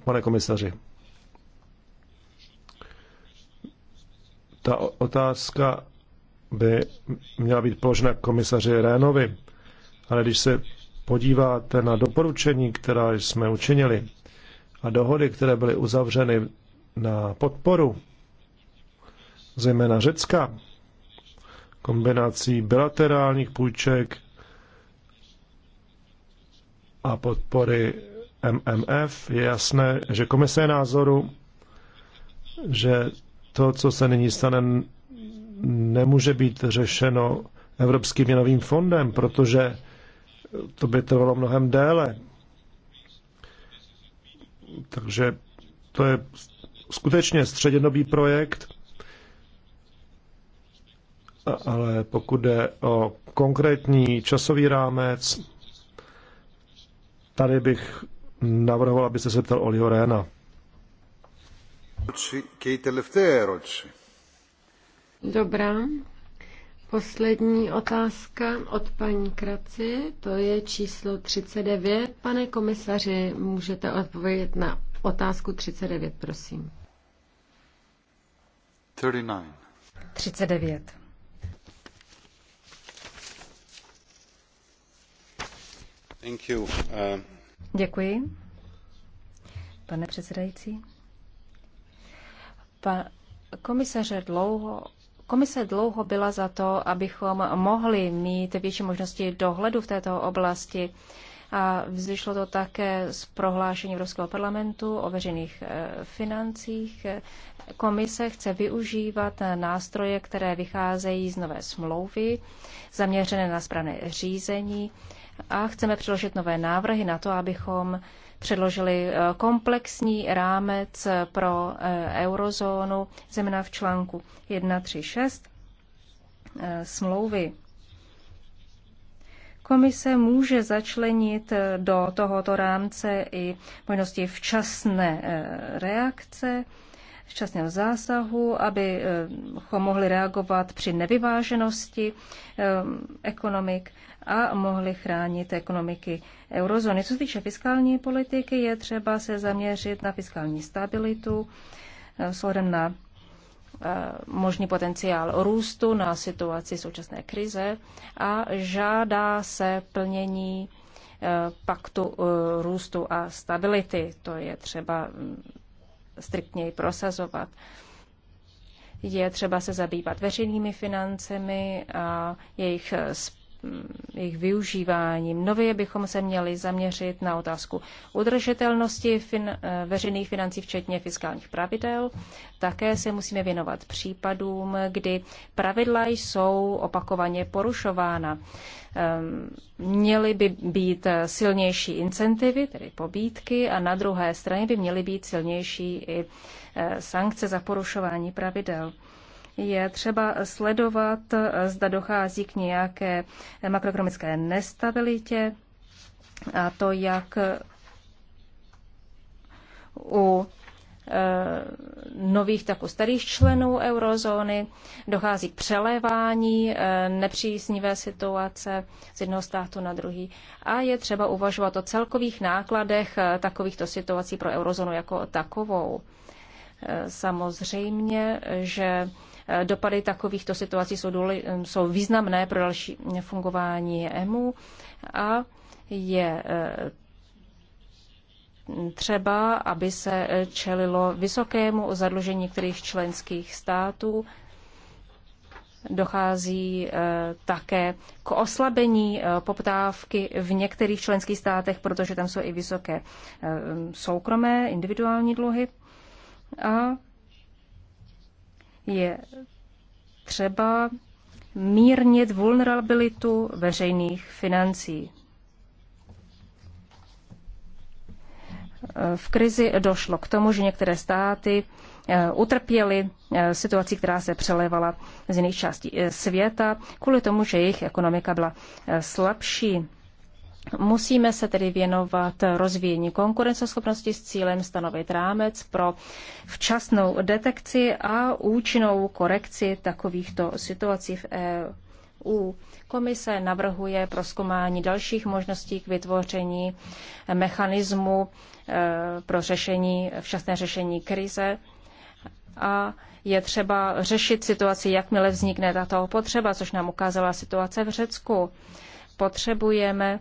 Pane komisaři. Ta otázka by měla být položena komisaři Rénovi, ale když se podíváte na doporučení, která jsme učinili, a dohody, které byly uzavřeny na podporu zejména Řecka, kombinací bilaterálních půjček a podpory MMF, je jasné, že komise je názoru, že to, co se nyní stane, nemůže být řešeno Evropským měnovým fondem, protože to by trvalo mnohem déle. Takže to je skutečně střednědobý projekt, ale pokud jde o konkrétní časový rámec, tady bych navrhoval, abyste se ptal Oliho Réna. Dobrá, Poslední otázka od paní Kraci, to je číslo 39. Pane komisaři, můžete odpovědět na otázku 39, prosím. 39. 39. Thank you. Uh... Děkuji, pane předsedající. Pan komisaře dlouho Komise dlouho byla za to, abychom mohli mít větší možnosti dohledu v této oblasti. A vzešlo to také z prohlášení Evropského parlamentu o veřejných eh, financích. Komise chce využívat nástroje, které vycházejí z nové smlouvy, zaměřené na správné řízení a chceme přiložit nové návrhy na to, abychom předložili eh, komplexní rámec pro eh, eurozónu, zejména v článku 136 eh, smlouvy. Komise může začlenit do tohoto rámce i možnosti včasné reakce včasného zásahu, abychom mohli reagovat při nevyváženosti eh, ekonomik a mohli chránit ekonomiky eurozóny. Co se týče fiskální politiky, je třeba se zaměřit na fiskální stabilitu eh, s ohledem na eh, možný potenciál růstu na situaci současné krize a žádá se plnění paktu růstu a stability. To je třeba mm, striktněji prosazovat. Je třeba se zabývat veřejnými financemi a jejich Mm, jejich využíváním. Nově bychom se měli zaměřit na otázku udržitelnosti fin- eh, veřejných financí, včetně fiskálních pravidel. Také se musíme věnovat případům, kdy pravidla jsou opakovaně porušována. Ehm, měly by být silnější incentivy, tedy pobídky, a na druhé straně by měly být silnější i eh, sankce za porušování pravidel je třeba sledovat, zda dochází k nějaké makroekonomické nestabilitě a to, jak u eh, nových, tak u starých členů eurozóny. Dochází k přelévání eh, nepříznivé situace z jednoho státu na druhý. A je třeba uvažovat o celkových nákladech eh, takovýchto situací pro eurozónu jako takovou. Samozřejmě, že Eh, dopady takovýchto situací jsou, důle, eh, jsou významné pro další fungování EMU a je eh, třeba, aby se čelilo vysokému zadlužení některých členských států. Dochází také k oslabení poptávky v některých členských státech, protože tam jsou i vysoké soukromé individuální dluhy. A je třeba mírnit vulnerabilitu veřejných financí. V krizi došlo k tomu, že některé státy eh, utrpěly eh, situaci, která se přelevala z jiných částí eh, světa, kvůli tomu, že jejich ekonomika byla slabší. Musíme se tedy věnovat rozvíjení konkurenceschopnosti s cílem stanovit rámec pro včasnou detekci a účinnou korekci takovýchto situací v EU. Komise navrhuje proskoumání dalších možností k vytvoření mechanismu e, pro řešení, včasné řešení krize a je třeba řešit situaci, jakmile vznikne tato potřeba, což nám ukázala situace v Řecku. Potřebujeme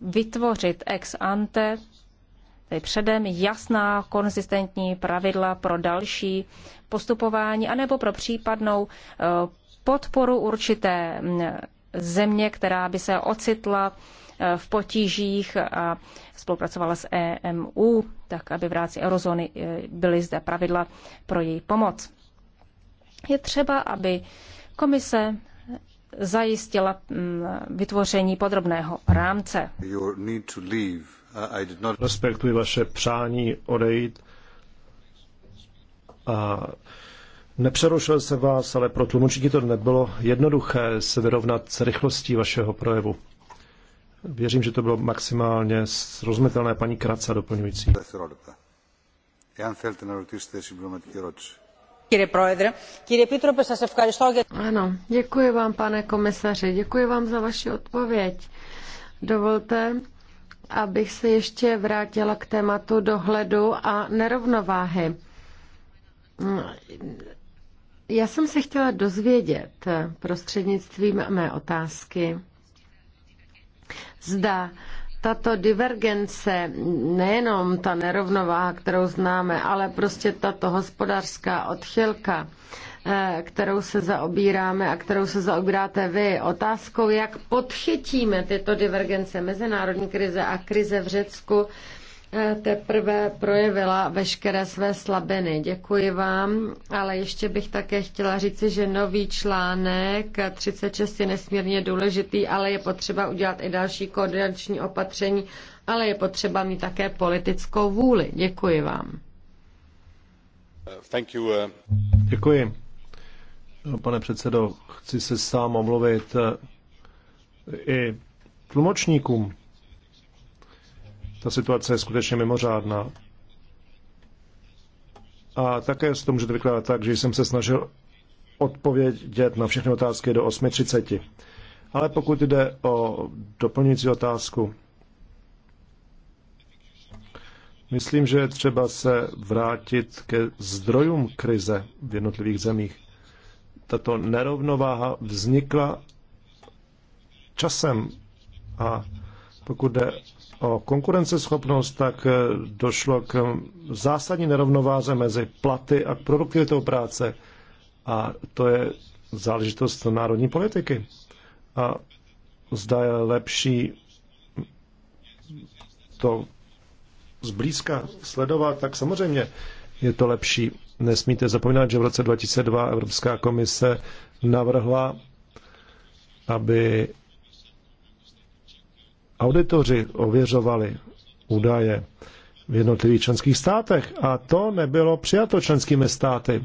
vytvořit ex ante, tedy předem jasná, konzistentní pravidla pro další postupování, anebo pro případnou eh, podporu určité mm, země, která by se ocitla eh, v potížích a spolupracovala s EMU, tak aby v rámci eurozóny eh, byly zde pravidla pro její pomoc. Je třeba, aby komise zajistila mm, vytvoření podrobného rámce. Respektuji vaše přání odejít a nepřerušil se vás, ale pro tlumočníky to nebylo jednoduché se vyrovnat s rychlostí vašeho projevu. Věřím, že to bylo maximálně srozumitelné paní Kraca doplňující. Ano, děkuji vám, pane komisaři, děkuji vám za vaši odpověď. Dovolte, abych se ještě vrátila k tématu dohledu a nerovnováhy. Já jsem se chtěla dozvědět prostřednictvím mé otázky, zda tato divergence, nejenom ta nerovnováha, kterou známe, ale prostě tato hospodářská odchylka, eh, kterou se zaobíráme a kterou se zaobíráte vy. Otázkou, jak podchytíme tyto divergence mezinárodní krize a krize v Řecku, teprve projevila veškeré své slabiny. Děkuji vám, ale ještě bych také chtěla říci, že nový článek 36 je nesmírně důležitý, ale je potřeba udělat i další koordinační opatření, ale je potřeba mít také politickou vůli. Děkuji vám. Thank you. Uh, Děkuji. No, pane předsedo, chci se sám omluvit uh, i tlumočníkům. Ta situace je skutečně mimořádná. A také se to můžete vykládat tak, že jsem se snažil odpovědět na všechny otázky do 8.30. Ale pokud jde o doplňující otázku, myslím, že je třeba se vrátit ke zdrojům krize v jednotlivých zemích. Tato nerovnováha vznikla časem a pokud jde o konkurenceschopnost, tak eh, došlo k zásadní nerovnováze mezi platy a produktivitou práce. A to je záležitost národní politiky. A zda je lepší to zblízka sledovat, tak samozřejmě je to lepší. Nesmíte zapomínat, že v roce 2002 Evropská komise navrhla, aby auditoři ověřovali údaje v jednotlivých členských státech a to nebylo přijato členskými státy.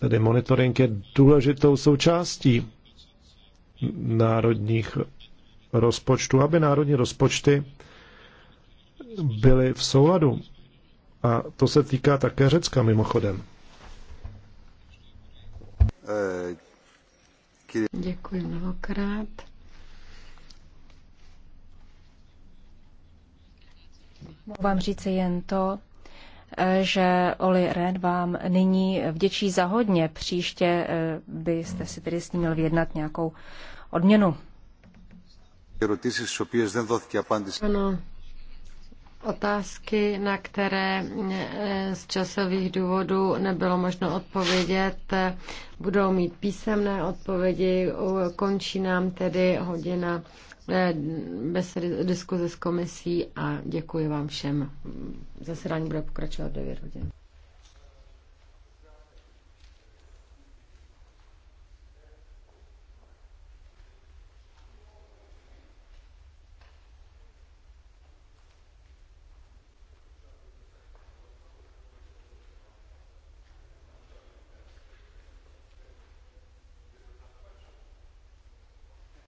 Tedy monitoring je důležitou součástí národních rozpočtů, aby národní rozpočty byly v souladu. A to se týká také Řecka mimochodem. Eh, Děkuji mnohokrát. Mohu vám říci jen to, že Oli Red vám nyní vděčí za hodně. Příště eh, byste si tedy s ním měl vyjednat nějakou odměnu. Ano, otázky, na které eh, z časových důvodů nebylo možno odpovědět, eh, budou mít písemné odpovědi. Končí nám tedy hodina. Eh, bez diskuze s komisí a děkuji vám všem. Zasedání bude pokračovat v 9 hodin.